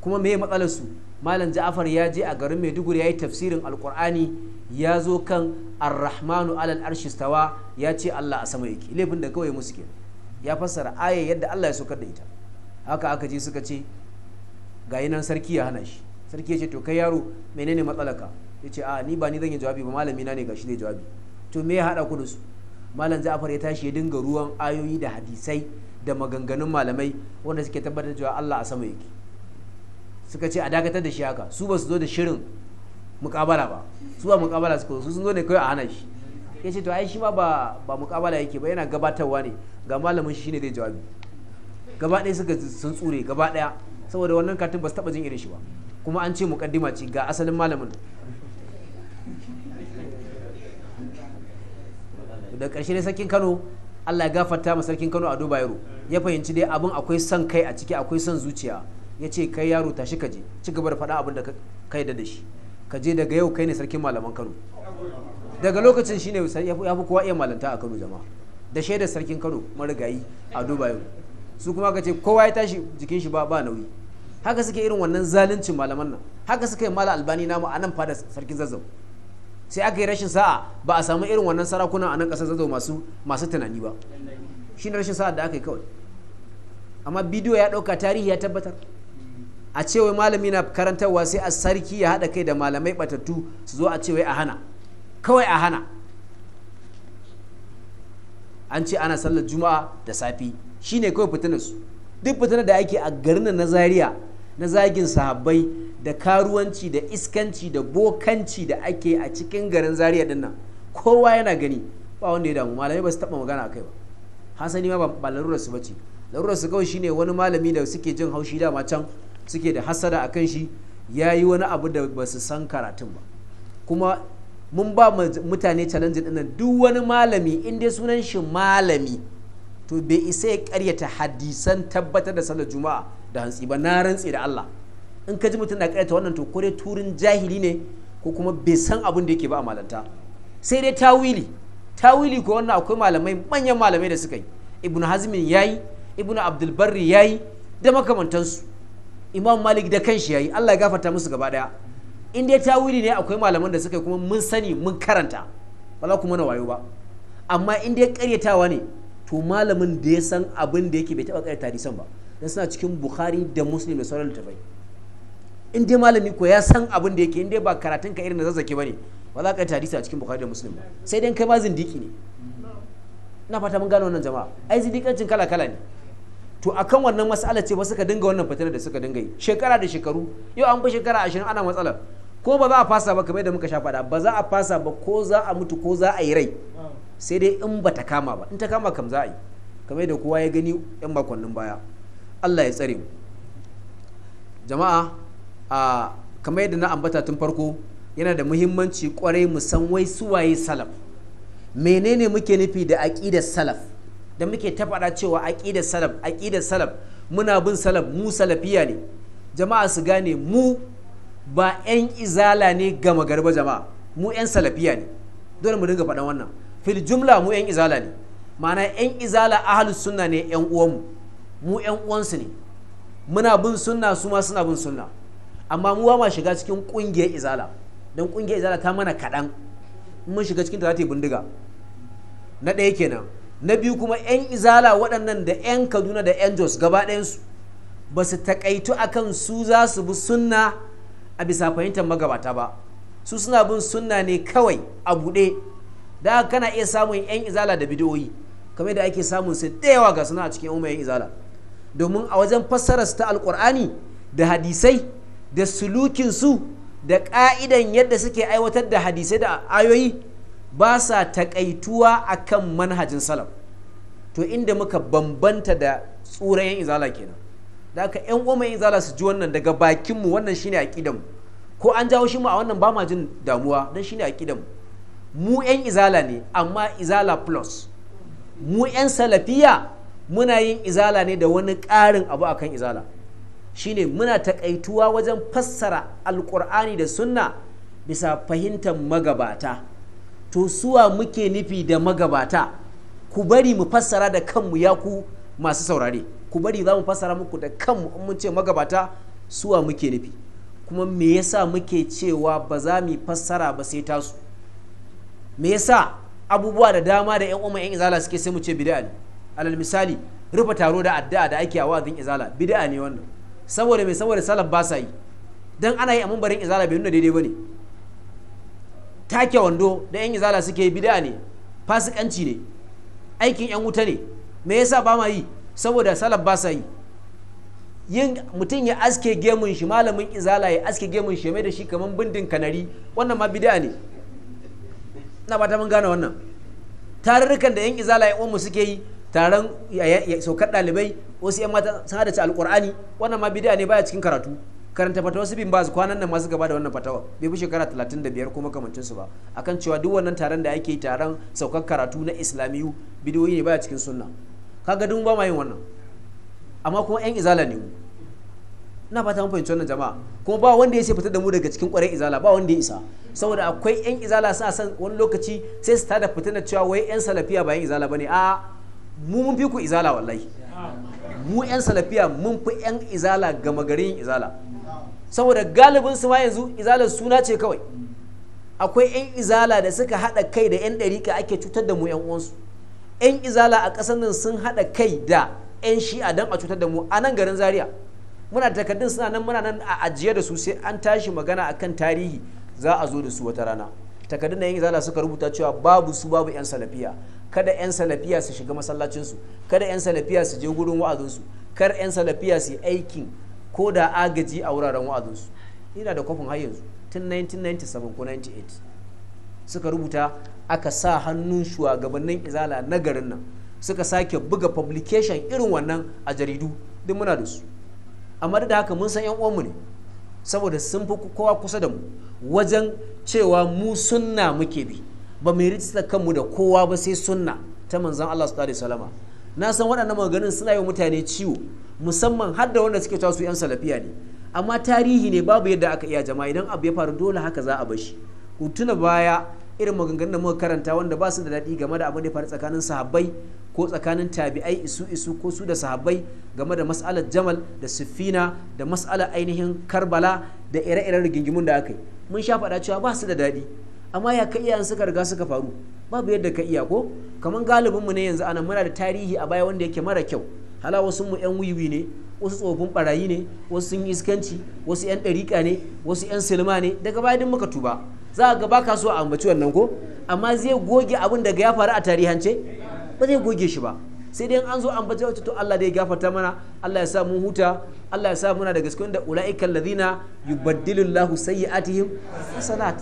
kuma me matsalar su malam ja'afar ya je a garin maiduguri ya yi tafsirin alkur'ani ya zo kan arrahmanu alal arshistawa ya ce allah a sama yake laifin da kawai musu ke ya fassara aya yadda allah ya sokar da ita haka aka je suka ce ga nan sarki ya hana shi sarki ya ce to kai yaro menene matsalaka ya ce a ni ba ni zan yi jawabi ba malami na ne gashi zai jawabi to me ya hada ku su malam ja'afar ya tashi ya dinga ruwan ayoyi da hadisai da maganganun malamai wanda suke tabbatar cewa allah a sama yake suka ce a dakatar da shi haka su ba su zo da shirin mukabala ba su ba mukabala suka su sun zo ne kawai a hana shi ya ce to ai shi ma ba ba mukabala yake ba yana gabatarwa ne ga malamin shi shine zai jawabi gaba ɗaya suka sun tsure gaba ɗaya saboda wannan katin ba su taɓa jin irin shi ba kuma an ce mukaddima ce ga asalin malamin da ƙarshe ne sarkin kano allah ya gafarta ma sarkin kano a dubayero ya fahimci dai abin akwai son kai a ciki akwai son zuciya ya ce kai yaro tashi ka je ci gaba da faɗa abin da ka yi da shi ka je daga yau kai ne sarkin malaman kano daga lokacin shi ne ya fi kowa iya malanta a kano jama'a da shaidar sarkin kano marigayi a duba yau su kuma ka ce kowa ya tashi jikin shi ba ba nauyi haka suke irin wannan zaluncin malaman nan haka suka yi mala albani namu a nan fada sarkin zazzau sai aka yi rashin sa'a ba a samu irin wannan sarakuna a nan ƙasar zazzau masu masu tunani ba shi ne rashin sa'a da aka yi kawai amma bidiyo ya ɗauka tarihi ya tabbatar a cewa malami na karantarwa sai a sarki ya haɗa kai da malamai batattu su zo a cewa a hana kawai a hana an ce ana sallar juma'a da safi Shi ne kawai fitinarsu duk fitinar da ake a garin na Zariya na zagin sahabbai da karuwanci da iskanci da bokanci da ake a cikin garin Zariya din nan kowa yana gani ba wanda ya damu malamai ba su taɓa magana kai ba hasani ma ba larurarsu ba ce larurarsu kawai shine wani malami da suke jin haushi dama can suke da hasada a kan shi ya yi wani abu da ba su san karatun ba kuma mun ba mutane challenge ɗin duk wani malami in dai sunan shi malami to bai isa ya karyata hadisan tabbatar da sallar juma'a da hantsi ba na rantsi da Allah in ka ji mutum na karyata wannan to kore turin jahili ne ko kuma bai san abin da yake ba a malanta sai dai tawili tawili ko wannan akwai malamai manyan malamai da suka yi ibnu hazmin yayi ibnu abdul barri yayi da makamantansu imam malik da kanshi yayi Allah ya gafarta musu gaba daya in dai tawili ne akwai malaman da suka yi kuma mun sani mun karanta ba za kuma na wayo ba amma in dai karyatawa ne to malamin da ya san abin da yake bai taba karyata hadisan ba dan suna cikin bukhari da muslim da sauran littafai in dai malami ko ya san abin da yake in dai ba karatun ka irin na zazzake bane ba za ka karyata hadisi a cikin bukhari da muslim ba sai dai kai ma zindiki ne na fata mun gano wannan jama'a ai zindikancin kala kala ne to a kan wannan matsala ce ba suka dinga wannan fitinar da suka dinga yi shekara da shekaru yau an fi shekara ashirin ana matsalar ko ba za a fasa ba kamar da muka sha faɗa ba za a fasa ba ko za a mutu ko za a yi rai sai dai in ba ta kama ba in ta kama kam za a yi kamar da kowa ya gani yan makonnin baya Allah ya tsare mu jama'a a kamar yadda na ambata tun farko yana da muhimmanci kwarai mu san wai suwaye salaf menene muke nufi da aqidar salaf da muke ta faɗa cewa aƙidar salaf aƙidar salaf muna bin salaf mu salafiya ne jama'a su gane mu ba 'yan izala ne gama garba jama'a mu 'yan salafiya ne dole mu dinga faɗan wannan fil jumla mu 'yan izala ne ma'ana 'yan izala ahalus sunna ne 'yan uwanmu mu 'yan uwansu ne muna bin sunna su ma suna bin sunna amma mu ma shiga cikin ƙungiyar izala don ƙungiyar izala ta mana kaɗan mun shiga cikin ta za yi bindiga na ɗaya kenan na biyu kuma 'yan izala waɗannan da 'yan kaduna da 'yan jos gaba ɗayansu ba su a kan su za su bi sunna a bisa fahimtar magabata ba su suna bin sunna ne kawai a buɗe da kana iya samun 'yan izala da bidiyoyi kamar da ake samun su da yawa ga suna a cikin yan izala domin a wajen fassara su ta alkur'ani da hadisai da sulukin su da ƙa'idan yadda suke aiwatar da hadisai da ayoyi ba sa takaituwa akan manhajin salaf to inda muka bambanta da tsurayen izala kenan da aka yan uwan izala su ji wannan daga bakinmu wannan shine a ko an jawo shi mu a wannan ba ma jin damuwa don shine a mu mu yan izala ne amma izala plus mu yan salafiya muna yin izala ne da wani ƙarin abu akan izala shine muna takaituwa wajen fassara Alƙur'ani da sunna bisa fahimtar magabata to suwa muke nufi da magabata ku bari mu fassara da kanmu ya ku masu saurare ku bari za mu fassara muku da kanmu in mun ce magabata suwa muke nufi kuma me yasa muke cewa ba za mu fassara ba sai tasu me yasa abubuwa da dama da yan umma yan izala suke sai mu ce bid'a ne alal misali rufe taro da addu'a da ake a wazin izala bid'a ne wannan saboda me saboda salaf ba sa yi dan ana yi a barin izala bai nuna daidai bane take wando da yan izala suke bid'a ne fasikanci ne aikin yan wuta ne me yasa ba ma yi saboda salaf ba sa yin mutum ya aske gemun shi malamin izala ya aske gemun shi mai da shi kamar bindin kanari wannan ma bid'a ne na ba mun gane wannan tarurrukan da yan izala ya umu suke yi taron saukar ɗalibai wasu yan mata sun hada alkur'ani wannan ma bid'a ne baya cikin karatu karanta Fatawa su bin baz kwanan nan masu gaba da wannan fatawa bai fi shekara 35 ko makamancin su ba akan cewa duk wannan taron da ake taron saukar karatu na islamiyu bidiyoyi ne baya cikin sunna kaga duk ba ma yin wannan amma kuma yan izala ne mu fata mun fahimci wannan jama'a kuma ba wanda ya ce fitar da mu daga cikin kwarai izala ba wanda ya isa saboda akwai yan izala suna san wani lokaci sai su tada da cewa wai yan salafiya ba yan izala bane a mu mun fi ku izala wallahi mu yan salafiya mun fi yan izala gama garin izala saboda galibin su ma yanzu izalar suna ce kawai akwai 'yan izala da suka haɗa kai da 'yan ɗarika ake cutar da mu 'yan uwansu 'yan izala a ƙasar nan sun haɗa kai da 'yan shi'a don a cutar da mu a nan garin zaria muna takardun suna nan muna nan a ajiye da su sai an tashi magana akan tarihi za a zo da su wata rana takardun na 'yan izala suka rubuta cewa babu su babu 'yan salafiya kada 'yan salafiya su shiga masallacinsu kada 'yan salafiya su je gurin wa'azinsu kar 'yan salafiya su yi aikin ko da agaji a wuraren wa'azinsu ina da kofin har yanzu tun 1997 ko 98 suka rubuta aka sa hannun shugabannin izala na garin nan suka sake buga publication irin wannan a jaridu duk muna da su amma da haka mun san 'yan uwanmu ne saboda sun fi kowa kusa da mu wajen cewa mu sunna muke bi ba mu ritsa kanmu da kowa ba sai sunna ta manzan Allah su alaihi na san waɗannan maganganun suna yi mutane ciwo musamman har da wanda suke cewa su 'yan salafiya ne amma tarihi ne babu yadda aka iya jama'a idan abu ya faru dole haka za a bashi ku tuna baya irin maganganun da muka karanta wanda ba su da daɗi game da abin da ya faru tsakanin sahabbai ko tsakanin tabi'ai isu isu ko su da sahabbai game da mas'alar jamal da siffina da mas'alar ainihin karbala da ire-iren rigingimun da aka yi mun sha faɗa cewa ba su da daɗi amma ya kai iyayen suka riga suka faru babu yadda ka iya ko kamar galibin mu ne yanzu anan muna da tarihi a baya wanda yake mara kyau hala wasu mu yan wiwi ne wasu tsofin barayi ne wasu sun iskanci wasu yan ɗariƙa ne wasu yan silma ne daga baya din muka tuba za ga ba ka so a ambaci wannan ko amma zai goge abin daga ya faru a tarihance ba zai goge shi ba sai dai an zo ambaci wata to Allah dai gafarta mana Allah ya sa mun huta Allah ya sa muna da gaskiya da ulaiikal ladina yubaddilu Allahu sayyi'atihim hasanat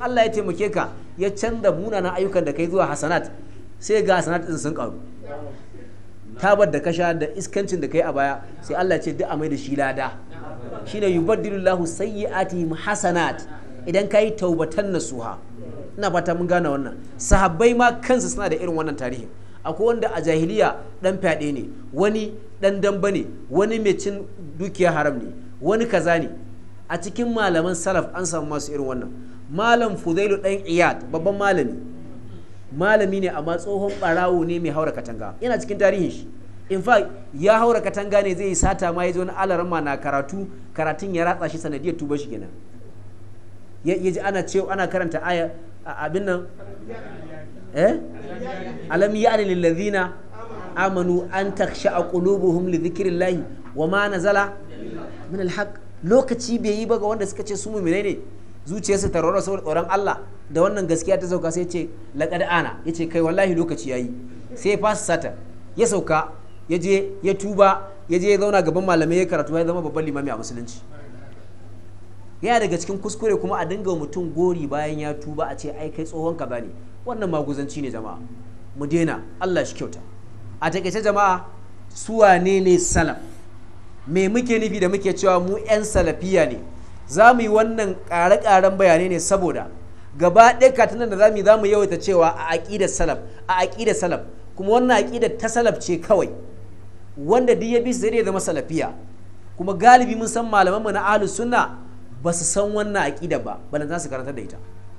Allah ya taimake ka ya canza munanan ayyukan da kai zuwa hasanat sai ga hasanat din sun karu tabar da ka sha da iskancin da kai a baya sai Allah ce duk a mai da shi lada shine yubaddilullahu sayyi'atihim hasanat idan kai taubatan nasuha ina fata mun gane wannan sahabbai ma kansu suna da irin wannan tarihi akwai wanda a jahiliya dan fyaɗe ne wani dan damba ne wani mai cin dukiya haram ne wani kaza ne a cikin malaman salaf an samu masu irin wannan malam fudailu dan iyad babban malami malami ne amma tsohon barawo ne mai haura katanga yana cikin tarihin shi in fact ya haura katanga ne zai sata ma ya zo na alarma na karatu karatun ya ratsa shi sanadiyar tuba shi kenan ya ji ana cewa ana karanta aya abin nan eh alam ya'ni lil amanu an takhsha qulubuhum li dhikrillah wa ma nazala min al lokaci bai yi ba ga wanda suka ce su mu'mine zuciyarsa ta rora saboda tsoron Allah da wannan gaskiya ta sauka sai ce laqad ana yace kai wallahi lokaci ya yi sai ya fasa sata ya sauka ya je ya tuba ya je ya zauna gaban malamai ya karatu ya zama babban limami a musulunci yana daga cikin kuskure kuma a dinga mutum gori bayan ya tuba a ce ai kai tsohon kaza ne wannan maguzanci ne jama'a mu daina Allah shi kyauta a takaice jama'a su wane ne salaf me muke nufi da muke cewa mu 'yan salafiya ne za mu yi wannan ƙare-ƙaren bayanai ne saboda gaba ɗaya katunan da za mu yi za mu yawaita cewa a aƙidar salaf a aƙidar salaf kuma wannan aƙidar ta salaf ce kawai wanda duk ya bi zai iya zama salafiya kuma galibi mun san malaman mu na ahlu sunna ba su san wannan aƙida ba za su karanta da ita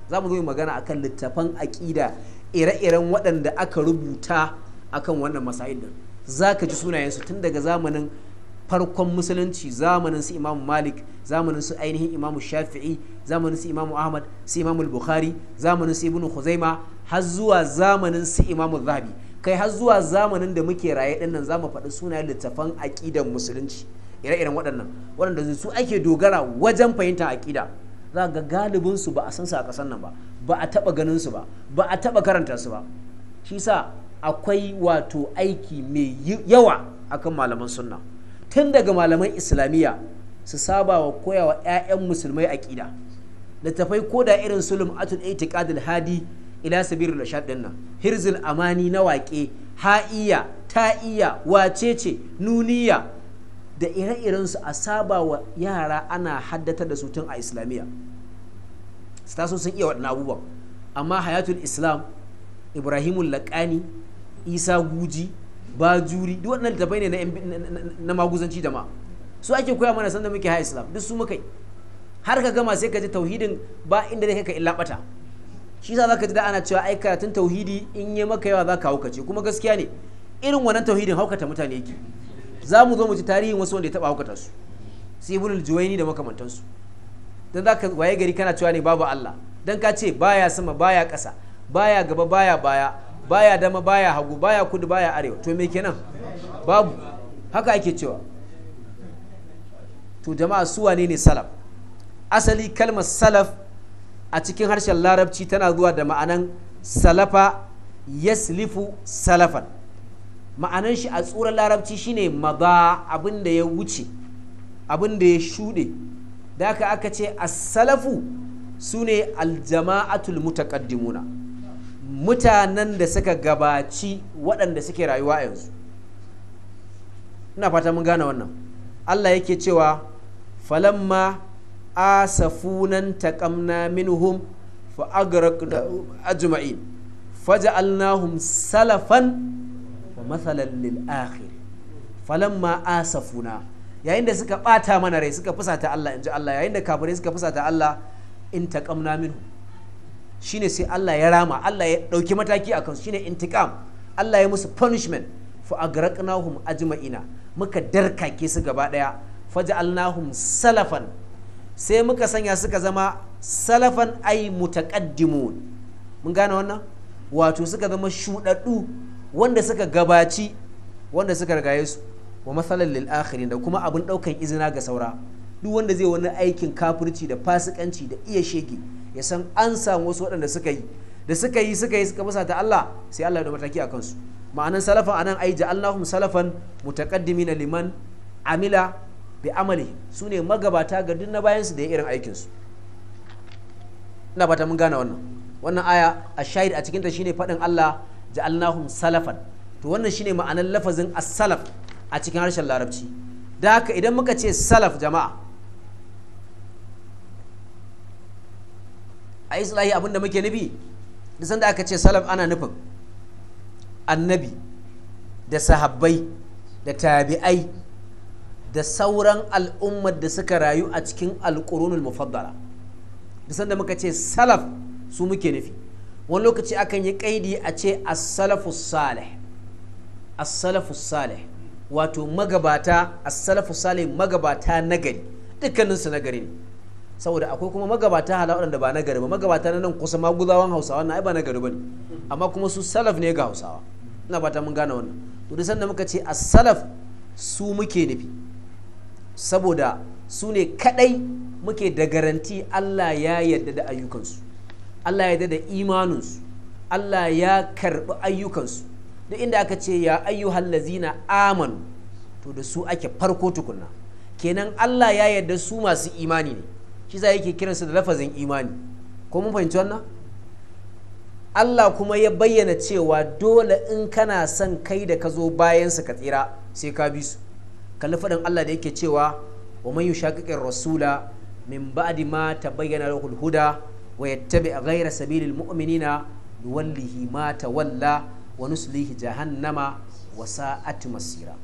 za mu zo yi magana akan littafan aƙida ire-iren waɗanda aka rubuta akan wannan masail din za ka ji sunayensu tun daga zamanin farkon musulunci zamanin su imamu malik zamanin su ainihin imamu shafi'i zamanin su imamu ahmad su imamu bukhari zamanin su ibnu khuzaima har zuwa zamanin su imamu zahabi kai har zuwa zamanin da muke raye din nan zamu faɗi sunayen littafan aqidan musulunci ire-iren waɗannan waɗanda su ake dogara wajen fahimtar aqida za ga galibin su ba a san su a ƙasar nan ba ba a taɓa ganin su ba ba a taɓa karanta su ba shi sa akwai wato aiki mai yawa akan malaman sunna tun daga malaman islamiyya su saba wa koyawa 'ya'yan musulmai aƙida littafai ko koda irin sulum atul itiqadul hadi ila sabirul rashad nan. hirzul amani na waƙe ha'iya ta'iya wacece nuniya da ire-iren su a saba wa yara ana haddata da su tun a islamiyya su taso sun iya waɗannan abubuwan amma hayatul islam ibrahimul laƙani isa guji ba juri duk wannan littafai ne na maguzanci ma su ake koya mana sanda muke ha islam duk su muka har ka gama sai ka ji tauhidin ba inda zai kai illa bata shi za zaka ji da ana cewa ai karatun tauhidi in yi maka yawa za ka zaka ce kuma gaskiya ne irin wannan tauhidin haukata mutane yake za mu zo mu ji tarihin wasu wanda ya taba haukata su sai ibnul juwaini da makamantansu dan zaka waye gari kana cewa ne babu Allah dan ka ce baya sama baya ƙasa baya gaba baya baya baya dama baya hagu baya kudu baya arewa to me kenan babu haka ake cewa to jama'a su wane ne salaf asali kalmar salaf a cikin harshen larabci tana zuwa da ma'anan salafa yaslifu salafan ma'anan shi a tsoron larabci shine maza abin da ya wuce abin da ya shuɗe da aka ce a salafu sune aljama'atul mutaƙaddimuna mutaqaddimuna mutanen da suka gabaci waɗanda suke rayuwa a yanzu ina fata mun gane wannan Allah yake cewa falamma asafunan taqamna minhum fa ajma'in faja'alnahum salafan wa mathalan lil akhir falamma asafuna yayin da suka bata mana rai suka fusata Allah inji Allah yayin da kafirai suka fusata Allah in taqamna minhum shine sai Allah ya rama Allah ya ɗauki mataki a kansu shine intikam Allah ya musu punishment fa agraqnahum ajma'ina muka darkake su gaba daya faj'alnahum salafan sai muka sanya suka zama salafan ay mutaqaddimun mun gane wannan wato suka zama shudaddu wanda suka gabaci wanda suka rigaye su wa masalan lil akhirin da kuma abun daukan izina ga saura duk wanda zai wani aikin kafirci da fasikanci da iya shege ya san an samu wasu waɗanda suka yi da suka yi suka yi suka fasa ta Allah sai Allah ya mataki a kansu ma'anan salafan anan ai ja'alnahum salafan mutaqaddimin liman amila bi amali sune magabata ga duk na bayan su da irin aikin su ina fata mun gane wannan wannan aya a shahid a cikin ta shine faɗin Allah ja'alnahum salafan to wannan shine ma'anan lafazin as-salaf a cikin harshen larabci da haka idan muka ce salaf jama'a a islahi abinda muke nufi da sanda aka ce salaf ana nufin annabi da sahabbai da tabi'ai da sauran al'ummar da suka rayu a cikin alƙurunul mufaddala da sanda muka ce salaf su muke nufi wani lokaci akan yi kaidi a ce as-salafu salih wato magabata as-salafu magabata nagari dukkaninsu nagari ne saboda akwai kuma magabata hala waɗanda ba na gari ba magabata na nan kusa maguzawan hausawa na ai ba na gari ba ne amma kuma su salaf ne ga hausawa ina fata mun gane wannan to duk sanda muka ce a salaf su muke nufi saboda su ne kadai muke da garanti Allah ya yarda da ayyukansu Allah ya yarda da imaninsu Allah ya karɓi ayyukansu duk inda aka ce ya ayyuhal lazina amanu to da su ake farko tukunna kenan Allah ya yarda su masu imani ne shi za yake kiransa da lafazin imani ko mun fahimci wannan Allah kuma ya bayyana cewa dole in kana son kai da ka zo bayansa ka tsira sai ka bi su kalli faɗin Allah da yake cewa wa man yushaqiqir rasula min ba'di ma tabayyana lahu al-huda wa yattabi ghayra sabilil mu'minina nuwallihi ma tawalla wa nuslihi jahannama wa sa'at masira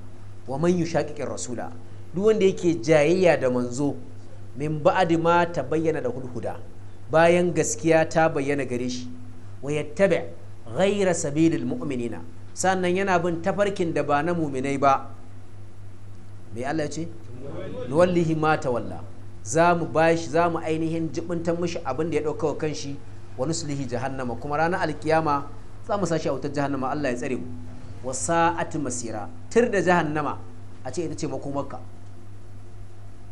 wa man yushaqiqir rasula duk wanda yake jayayya da manzo min ba'adi ma ta bayyana da hulhuda bayan gaskiya ta bayyana gare shi wa yattabi ghayra sabilil mu'minina sannan yana bin tafarkin da ba na muminai ba mai Allah ya ce nuwallihi ma walla za mu bashi za mu ainihin jibintan mishi abin da ya dauka kan kanshi wa nuslihi jahannama kuma ranar alkiyama za mu sashi a wutar jahannama Allah ya tsare mu wa sa'atu masira tir da jahannama a ce ita ce makomarka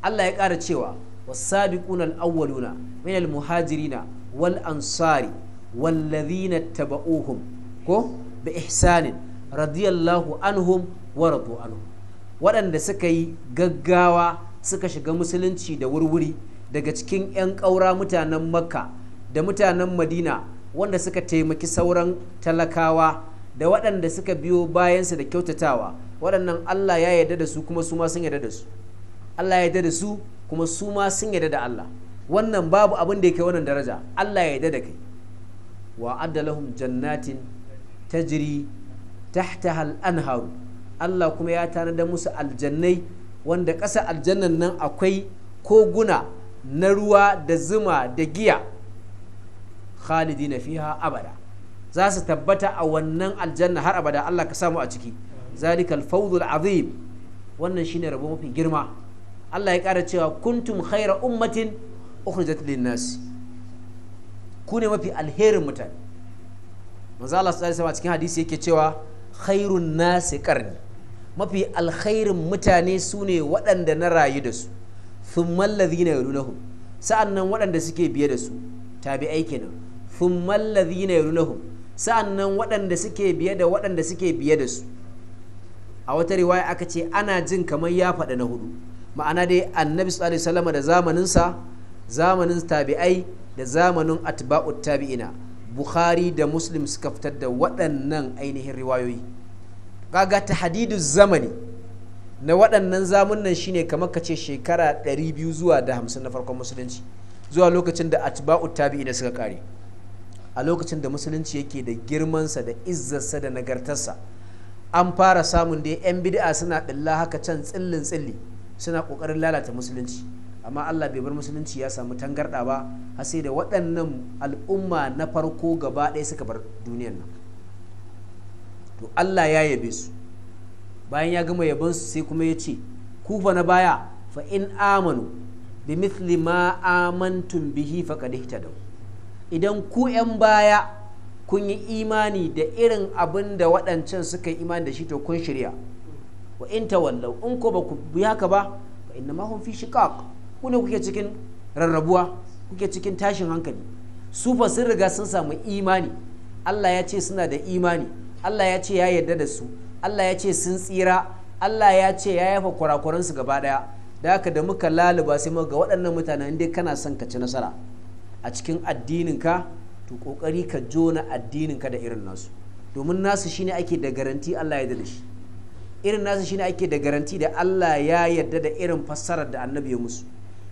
Allah ya ƙara cewa Awwaluna minal muhajirina wal ansari والأنصار والذين اتبعوهم بإحسان رضي الله عنهم ورضوا عنه waɗanda suka yi gaggawa suka shiga musulunci da wurwuri daga cikin 'yan ƙaura mutanen makka da mutanen madina wanda suka taimaki sauran talakawa da waɗanda suka biyo bayansa da kyautatawa waɗannan allah ya yarda da su kuma su ma sun yarda da allah ya yarda da su kuma su ma sun yarda da Allah wannan babu abin da yake wannan daraja Allah ya yarda da kai wa adda lahum jannatin tajri tahtaha al-anharu Allah kuma ya tanada musu aljannai wanda ƙasa aljannan nan akwai koguna na ruwa da zuma da giya khalidina fiha abada za su tabbata a wannan aljanna har abada Allah ka samu a ciki zalikal fawzul azim wannan shine rabo mafi girma Allah ya ƙara cewa kuntum khaira ummatin ukhrijat lin-nas ku ne mafi alherin mutane manzo Allah sallallahu alaihi cikin hadisi yake cewa khairun nas qarni mafi alkhairin mutane su ne waɗanda na rayu da su thumma alladhina yalunahum sa'annan waɗanda suke biye da su tabi'ai kenan thumma alladhina yalunahum sa'annan waɗanda suke biye da waɗanda suke biye da su a wata riwaya aka ce ana jin kamar ya faɗa na hudu ma'ana dai annabi sallallahu alaihi wasallam da zamaninsa zamanin tabi'ai da zamanin atba'u tabi'ina bukhari da muslim suka fitar da waɗannan ainihin riwayoyi kaga ta hadidu zamani na waɗannan zamunan shine kamar ka ce shekara 200 zuwa da 50 na farkon musulunci zuwa lokacin da atba'u tabi'ina suka kare a lokacin da musulunci yake da girmansa da izzarsa da nagartarsa an fara samun dai 'yan bid'a suna ɓilla haka can tsillin tsilli suna kokarin lalata musulunci amma Allah bai bar musulunci ya samu tangarɗa ba har sai da waɗannan al'umma na farko gaba ɗaya suka bar duniyar nan to Allah ya yabe su bayan ya gama yabon su sai kuma ya ce ku fa na baya fa in amanu bi mithli ma amantum bihi faqad ihtadaw idan ku yan baya kun yi imani da irin abin da waɗancan suka yi imani da shi to kun shirya wa in tawallaw in ko ba ku bi haka ba fa inna ma hum fi shiqaq ku ne kuke cikin rarrabuwa kuke cikin tashin hankali su fa sun riga sun samu imani Allah ya ce suna da imani Allah ya ce ya yarda da su Allah ya ce sun tsira Allah ya ce ya yafa su gaba daya da haka da muka laluba sai muka ga waɗannan mutanen dai kana son ka ci nasara a cikin addininka to kokari ka jona addinin ka da irin nasu domin nasu shine ake da garanti Allah ya da shi irin nasu shine ake da garanti da Allah ya yarda da irin fassarar da annabi ya musu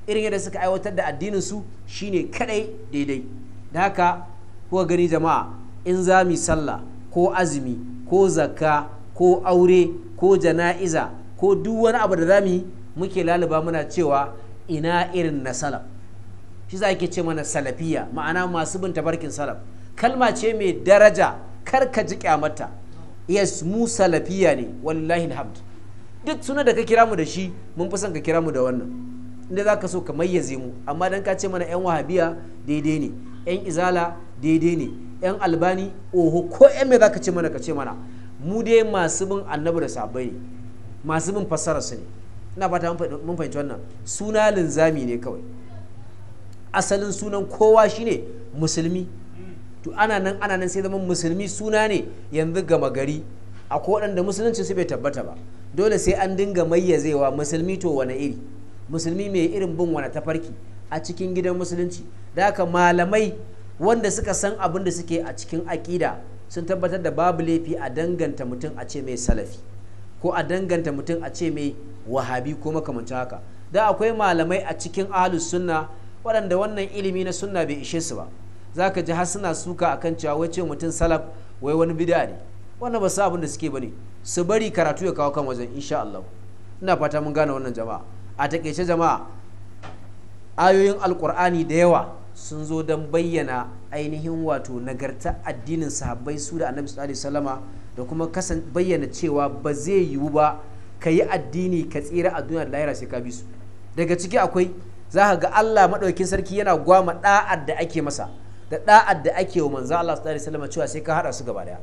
irin yadda suka aiwatar da addinin su shine kadai daidai da haka kuka gani jama'a in za mu sallah ko azumi ko zakka ko aure ko jana'iza ko duk wani abu da za yi muke laluba muna cewa ina irin na salaf shi za ke ce mana salafiya ma'ana masu bin tabarkin salaf kalma ce mai daraja kar ka ji kyamata yes mu salafiya ne wallahi alhamd duk suna da ka kira mu da shi mun fi son ka kira mu da wannan inda za ka so ka mayyaze mu amma dan ka ce mana yan wahabiya daidai ne yan izala daidai ne yan albani oho ko yan mai za ka ce mana ka ce mana mu dai masu bin annabi da sabai ne masu bin su ne ina fata mun fahimci wannan suna linzami ne kawai asalin sunan kowa shine musulmi to ana nan ana nan sai zama musulmi suna ne yanzu gama gari akwai waɗanda musulunci su bai tabbata ba dole sai an dinga mayyazewa musulmi to wani iri musulmi mai irin bin wani tafarki a cikin gidan musulunci da haka malamai wanda suka san abin da suke a cikin aƙida sun tabbatar da babu laifi a danganta mutum a ce mai salafi ko a danganta mutum a ce mai wahabi ko makamancin haka da akwai malamai a cikin ahlus sunna waɗanda wannan ilimi na sunna bai ishe su ba zaka ji har suna suka akan cewa wace mutum salaf wai wani bid'a ne wannan ba su abin da suke ba ne su bari karatu ya kawo kan wajen insha Allah ina fata mun gane wannan jama'a a takaice jama'a ayoyin alkur'ani da yawa sun zo don bayyana ainihin wato nagarta addinin sahabbai su da annabi sallallahu alaihi wasallama da kuma kasan bayyana cewa ba zai yiwu ba ka yi addini ka tsira a duniya da lahira sai ka bi su daga ciki akwai za ga Allah maɗaukin sarki yana gwama ɗa'ar da ake masa da da'ad da ake wa manzo Allah sallallahu alaihi cewa sai ka hada su gaba daya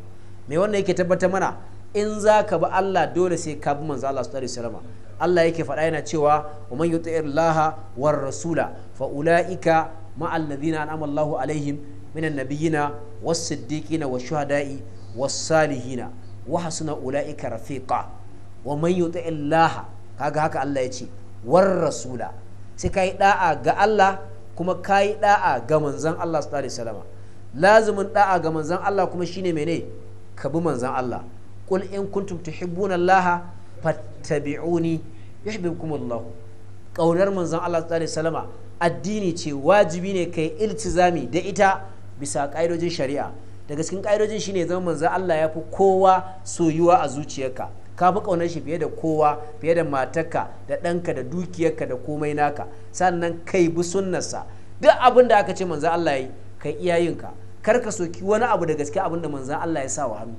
me wannan yake tabbatar mana in za ka bi Allah dole sai ka bi manzo Allah sallallahu alaihi Allah yake faɗa yana cewa wa man yuti'ir laha war rasula fa ulaika ma alladhina an'ama Allahu alaihim minan nabiyina was siddiqina was shuhada'i was salihina wa hasuna ulaika rafiqa wa man yuti'ir laha kaga haka Allah ya ce war rasula sai kai da'a ga Allah kuma ka yi ɗa'a ga manzan Allah su ɗari salama lazimin da'a ga manzan Allah kuma shine mene ka bi manzan Allah qul in kuntum tuhibbuna Allah fattabi'uni yuhibbukum Allah kaunar manzan Allah su ɗari salama addini ce wajibi ne kai iltizami da ita bisa ƙa'idojin shari'a daga cikin ƙa'idojin shine zama manzan Allah ya fi kowa soyuwa a zuciyarka ka fi ƙaunar shi fiye da kowa fiye da matarka da ɗanka da dukiyarka da komai naka sannan kai bi sunnarsa duk abin da aka ce manzan Allah yi kai iyayinka kar ka soki wani abu da gaske abin da manzan Allah ya sa wa hannu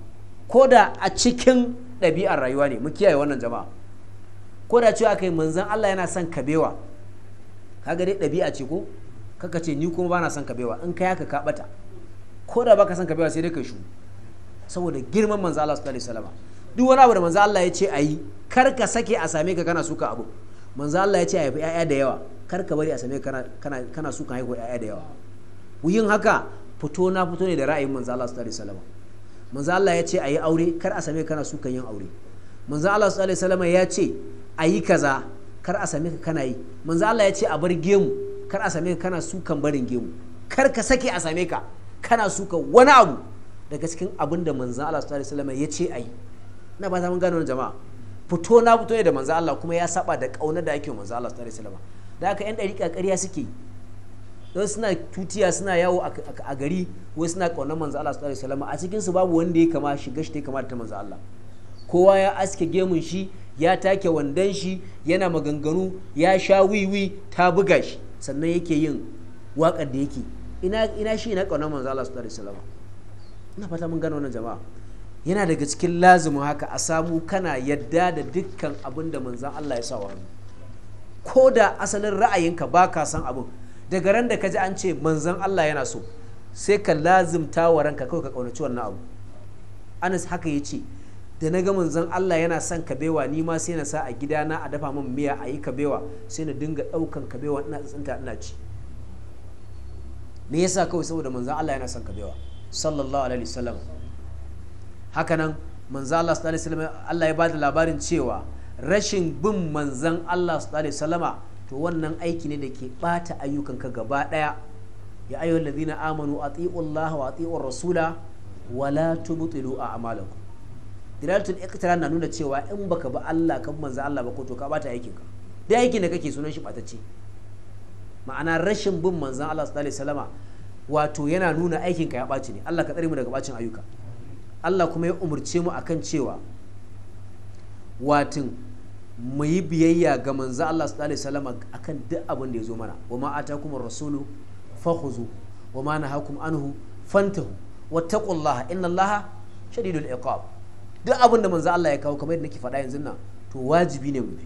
ko da a cikin ɗabi'ar rayuwa ne mu kiyaye wannan jama'a ko da cewa kai manzan Allah yana son kabewa kaga dai ɗabi'a ce ko kaka ce ni kuma bana son bewa in kai haka ka bata ko da baka son kabewa sai dai ka shu saboda girman manzo Allah sallallahu alaihi wasallam duk wani abu da manzo Allah ya ce a yi kar ka sake a same ka kana suka abu manzo Allah ya ce a haifi ƴaƴa da yawa kar ka bari a same kana kana kana suka haihu ƴaƴa da yawa yin haka fito na fito ne da ra'ayin manzo Allah sallallahu alaihi wasallam manzo Allah ya ce a yi aure kar a same ka kana suka yin aure manzo Allah sallallahu alaihi wasallam ya ce a yi kaza kar a same ka kana yi manzo Allah ya ce a bar gemu kar a same ka kana sukan barin gemu kar ka sake a same ka kana suka wani abu daga cikin abin da manzo Allah sallallahu alaihi wasallam ya ce a yi na ba mun gano jama'a fito na fito ne da manzo Allah kuma ya saba da kauna da ake manzo Allah sallallahu alaihi wasallam da haka yan dariƙa ƙarya suke don suna tutiya suna yawo a gari wai suna kaunar manzo Allah sallallahu alaihi wasallam a cikin su babu wanda ya kama shiga shi ta kamar ta manzo Allah kowa ya aske gemun shi ya take wandan shi yana maganganu ya sha wiwi ta buga shi sannan yake yin waƙar da yake ina shi ina kaunar manzo Allah sallallahu alaihi wasallam ina fata mun gano wannan jama'a yana daga cikin lazimin haka a samu kana yadda da dukkan abin da manzan Allah ya sa wa hannu ko da asalin ra'ayinka ba ka san abin daga ran da ka ji an ce manzan Allah yana so sai ka lazimta wa ranka kawai ka kaunaci wannan abu Anas haka ya ce da na ga manzan Allah yana son kabewa ni ma sai na sa a gidana a dafa min miya a yi kabewa sai na dinga ɗaukan kabewa ina tsinta ina ci me yasa kawai saboda manzan Allah yana son kabewa sallallahu alaihi wasallam hakanan manzo Allah sallallahu alaihi wasallam Allah ya bada labarin cewa rashin bin manzan Allah sallallahu alaihi wasallama to wannan aiki ne da ke bata ayyukanka gaba daya ya ayyuhal ladina amanu atiullaha wa tsiun rasula wala tubtilu a'malakum dilalatul iqtira na nuna cewa in baka ba Allah ka manzan Allah ba ko to ka bata ka duk aikin da kake sunan shi batacce ma'ana rashin bin manzan Allah sallallahu alaihi wasallama wato yana nuna aikin ka ya ɓaci ne Allah ka tsare mu daga ɓacin ayyuka Allah kuma ya umarce mu akan cewa watin mu yi biyayya ga manzo Allah sallallahu alaihi wasallam akan duk abin da ya zo mana wa ma atakum ar-rasulu fakhuzu wa ma nahakum anhu fantahu wattaqullaha inna Allaha shadidul iqab duk abin da manzo Allah ya kawo kamar yadda nake faɗa yanzu nan to wajibi ne mu bi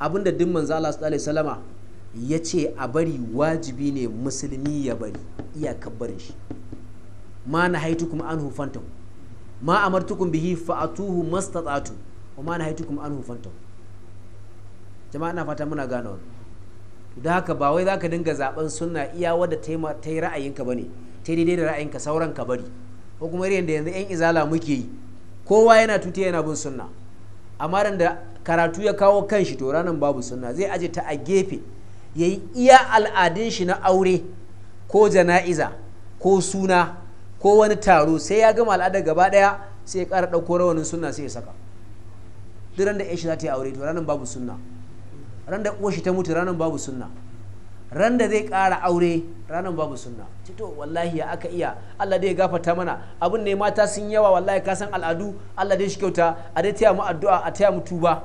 abin da duk manzo Allah sallallahu alaihi wasallam ya ce a bari wajibi ne musulmi ya bari iya barin shi ma na haitu kuma an hufantahu ma amartukum bihi fa'atuhu tsatu wa ma nahaytukum anhu fantahu jama'a na fata muna gane da haka ba wai ka dinga zaben suna iya wadda ta yi ra'ayinka bane ta daidai da ra'ayinka sauran ka bari ko kuma irin da yanzu yan izala muke yi kowa yana tuti yana bin sunna amma da karatu ya kawo kanshi to ranar babu sunna zai aje ta a gefe yayi iya al'adun shi na aure ko jana'iza ko suna ko wani taro sai ya gama al'ada gaba daya sai ya kara ɗauko rawanin sunna sai ya saka duk ran da ya za ta yi aure to ranar babu sunna ran da uwashi ta mutu ranan babu sunna ran da zai kara aure ranan babu sunna to wallahi ya aka iya Allah dai ya gafarta mana abun ne mata sun yawa wallahi ka san al'adu Allah dai shi kyauta a dai taya mu addu'a a taya mu tuba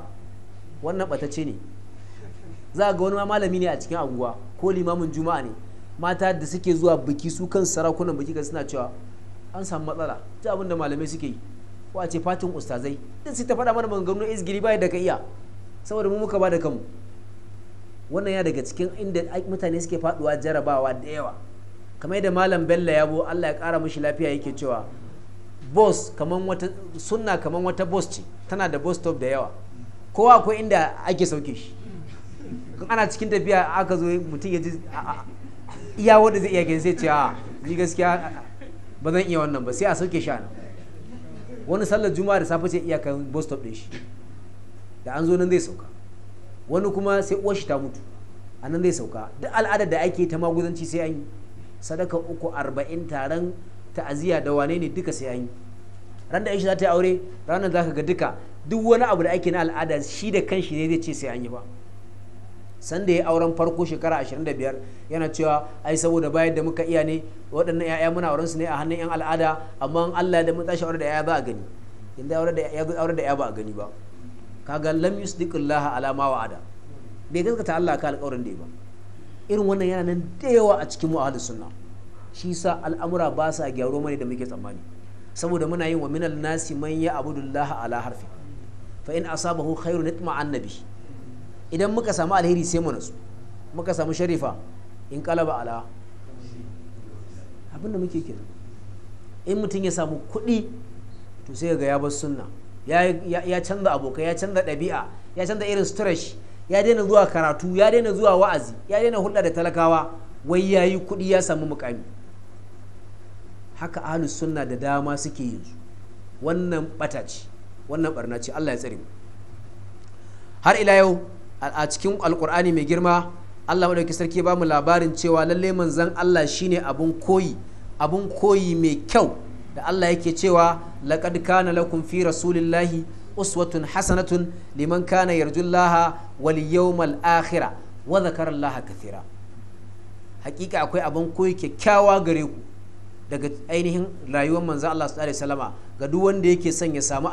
wannan batace ne za ga wani malami ne a cikin anguwa ko limamin juma'a ne mata da suke zuwa biki su kan sarakunan biki ga suna cewa an samu matsala ta abin da malamai suke yi ko a ce fatin ustazai din sai ta faɗa mana maganganu giri bai da ka iya saboda mu muka ba da kanmu wannan ya daga cikin inda mutane suke faduwa jarabawa da yawa kamar yadda malam ya bo allah ya kara mishi lafiya yake cewa boss kaman wata sunna kamar wata boss ce tana da boss stop da yawa kowa akwai inda ake sauke shi ana cikin tafiya aka zo mutum ya ji iya wanda zai iya gani sai ce a ni gaskiya ba zan iya wannan ba sai a sauke shi nan wani sallar juma'a da safe sai iyakan bus stop din shi da an zo nan zai sauka wani kuma sai uwar shi ta mutu a nan zai sauka duk al'ada da ake ta maguzanci sai an yi sadaka uku arba'in taron ta'aziya da wane ne duka sai an yi ran da aisha za ta yi aure ranar za ka ga duka duk wani abu da ake na al'ada shi da kanshi ne zai ce sai an yi ba sanda ya auren farko shekara 25 yana cewa ai saboda bayan da muka iya ne waɗannan 'ya'ya muna auren su ne a hannun 'yan al'ada amma Allah da mun tashi aure da 'ya'ya ba a gani inda aure da 'ya'ya ba a gani ba kaga lam yusdiqillah ala ma wa'ada bai gaskata Allah ka alƙawarin da ba irin wannan yana nan da yawa a cikin mu ahlus sunna shi sa al'amura ba sa gyaro mana da muke tsammani saboda muna yin wa minal nasi man ya ala harfi fa in asabahu khairun itma'an nabi idan muka samu alheri sai mu nasu muka samu sharifa in kalaba ala abinda muke kira in mutum ya samu kuɗi to sai ga ya sunna ya canza abokai ya canza ɗabi'a ya canza irin stretch ya daina zuwa karatu ya daina zuwa wa'azi ya daina hulɗa da talakawa wai ya yi kuɗi ya samu mukami haka ahlus sunna da dama suke su wannan ɓata ce wannan ɓarna ce allah ya tsare har ila yau a cikin alkur'ani mai girma Allah madauki sarki ba mu labarin cewa lallai manzan Allah shine abun koyi abun koyi mai kyau da Allah yake cewa laƙad kana lakum fi rasulillahi uswatun hasanatun liman kana yarjullaha wal yawmal akhirah wa dhakara kathira hakika akwai abun koyi kyakkyawa gare ku daga ainihin rayuwar manzan Allah sallallahu alaihi wasallama ga duk wanda yake son ya samu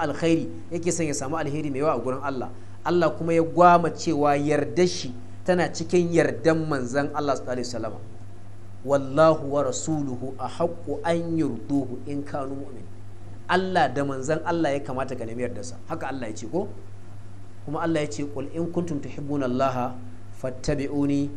yake son ya samu alheri mai yawa a gurin Allah Allah kuma ya gwama cewa yarda shi tana cikin yardan manzan Allah sallallahu alaihi wasallam wallahu wa rasuluhu a haƙƙo an yurduhu in kanu mu'min Allah da manzan Allah ya kamata ka nemi yardarsa haka Allah ya ce ko kuma Allah ya ce qul in kuntum tuhibbuna Allah fattabi'uni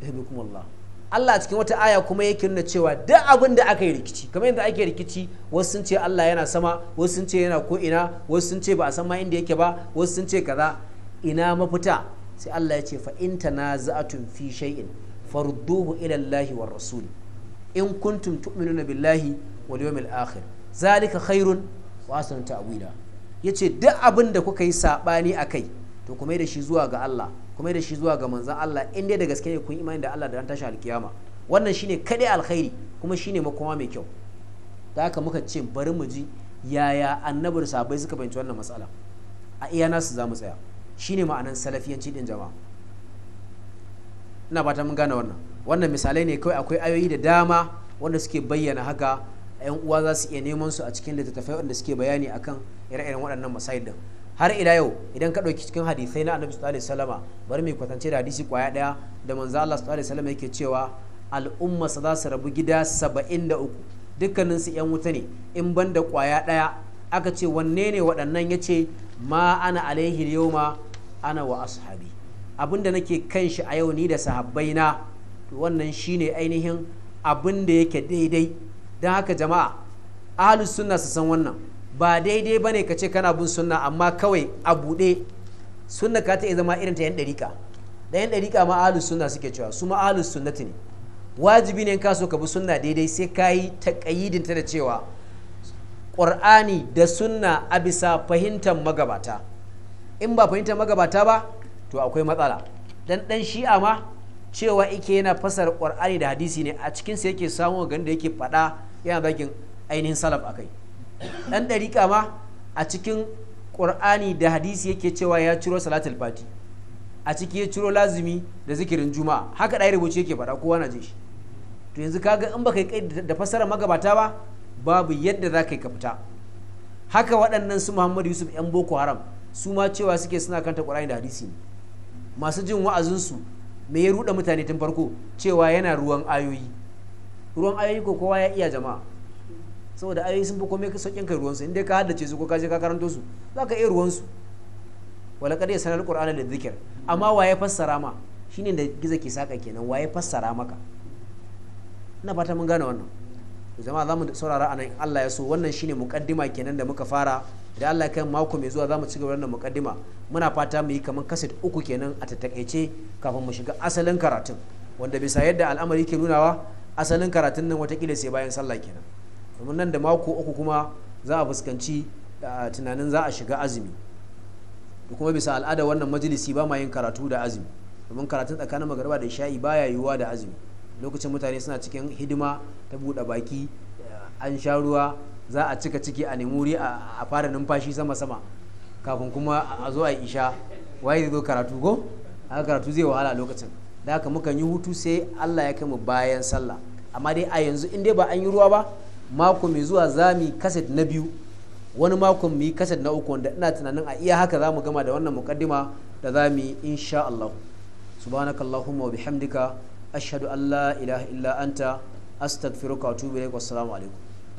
yuhibbukum Allah Allah cikin wata aya kuma yake nuna cewa duk abin da aka yi rikici kamar yadda ake rikici wasu sun ce Allah yana sama wasu sun ce yana ko ina wasu sun ce ba a san ma inda yake ba wasu sun ce kaza ina mafita sai Allah ya ce fa in tanaza'atun fi shay'in farudduhu ila Allah war rasul in kuntum tu'minuna billahi wal yawmil akhir zalika khairun wa asanu ta'wila yace duk abin da kuka yi sabani akai to kuma da shi zuwa ga Allah kuma da shi zuwa ga manzan Allah in dai da gaske ne kun imani da Allah da ran tashi alkiyama wannan shine kadai alkhairi kuma shine makoma mai kyau da haka muka ce bari mu ji yaya annabar sabai suka fahimci wannan matsala a iya nasu za mu tsaya shine ma'anan salafiyanci din jama'a ina fata mun gane wannan wannan misalai ne kawai akwai ayoyi da dama wanda suke bayyana haka yan uwa za su iya neman su a cikin littattafai wanda suke bayani akan ire-iren waɗannan masayid din har ila yau idan ka ɗauki cikin hadisai na annabi sallallahu alaihi wasallama bari mu kwatance da hadisi kwaya daya da manzo Allah sallallahu alaihi wasallama yake cewa al'umma sa za su rabu gida 73 dukkanin su yan wuta ne in banda kwaya ɗaya aka ce wanne ne waɗannan yace ma ana alaihi yawma ana wa ashabi abinda nake kan shi a yau ni da sahabbai na wannan shine ainihin abin da yake daidai don haka jama'a ahlus sunna su san wannan ba daidai ba ne ka ce kana bin sunna amma kawai a buɗe sunna ka ta iya zama irin ta yan ɗarika da yan ɗarika ma ahlus sunna suke cewa su ma ahlus sunnati ne wajibi ne ka so ka bi sunna daidai sai ka yi taƙayyidin ta da cewa ƙur'ani da sunna a bisa fahimtar magabata in ba fahimtar magabata ba to akwai matsala dan dan shi'a ma cewa ike yana fasar ƙur'ani da hadisi ne a cikinsa yake samun ganin da yake faɗa yana bakin ainihin salaf akai ɗan ɗariƙa ma a cikin ƙur'ani da hadisi yake cewa ya ciro salatul fati a ciki ya ciro lazumi da zikirin juma'a haka ɗaya rubuci yake faɗa kowa na je shi to yanzu kaga in baka kai da fassara magabata ba babu yadda za ka yi ka fita haka waɗannan su muhammadu yusuf yan boko haram su ma cewa suke suna kanta ƙur'ani da hadisi ne masu jin wa'azinsu me ya ruɗa mutane tun farko cewa yana ruwan ayoyi ruwan ayoyi ko kowa ya iya jama'a saboda ayoyi sun fi komai sauƙin kai ruwansu in dai ka haddace su ko ka je ka karanto su za ka iya ruwansu wala kada ya sanar qur'ana da zikir amma waye fassara ma shine da giza ke saka kenan waye fassara maka ina fata mun gane wannan jama'a zamu saurara anan Allah ya so wannan shine muqaddima kenan da muka fara da Allah kan mako mai zuwa zamu ci gaba da muqaddima muna fata mu yi kaman kaset uku kenan a tattakaice kafin mu shiga asalin karatun wanda bisa yadda al'amari ke nunawa asalin karatun nan watakila sai bayan sallah kenan domin nan da mako uku kuma za a fuskanci tunanin za a shiga azumi da kuma bisa al'ada wannan majalisi ba ma yin karatu da azumi domin karatun tsakanin magariba da sha'i ba ya yiwuwa da azumi lokacin mutane suna cikin hidima ta buɗe baki an sha ruwa za a cika ciki a nemuri a fara numfashi sama-sama kafin kuma a zo a isha waye zai zo karatu ko haka karatu zai wahala lokacin da haka mukan yi hutu sai allah ya kai mu bayan sallah amma dai a yanzu in dai ba an yi ruwa ba mako mai zuwa za mu yi kaset na biyu wani mako mu yi kaset na uku wanda ina tunanin a iya haka za mu gama da wannan mukaddima da za mu yi insha Allah subhanaka allahumma wa bihamdika ashhadu an la ilaha illa anta astaghfiruka wa atubu ilaik wassalamu alaikum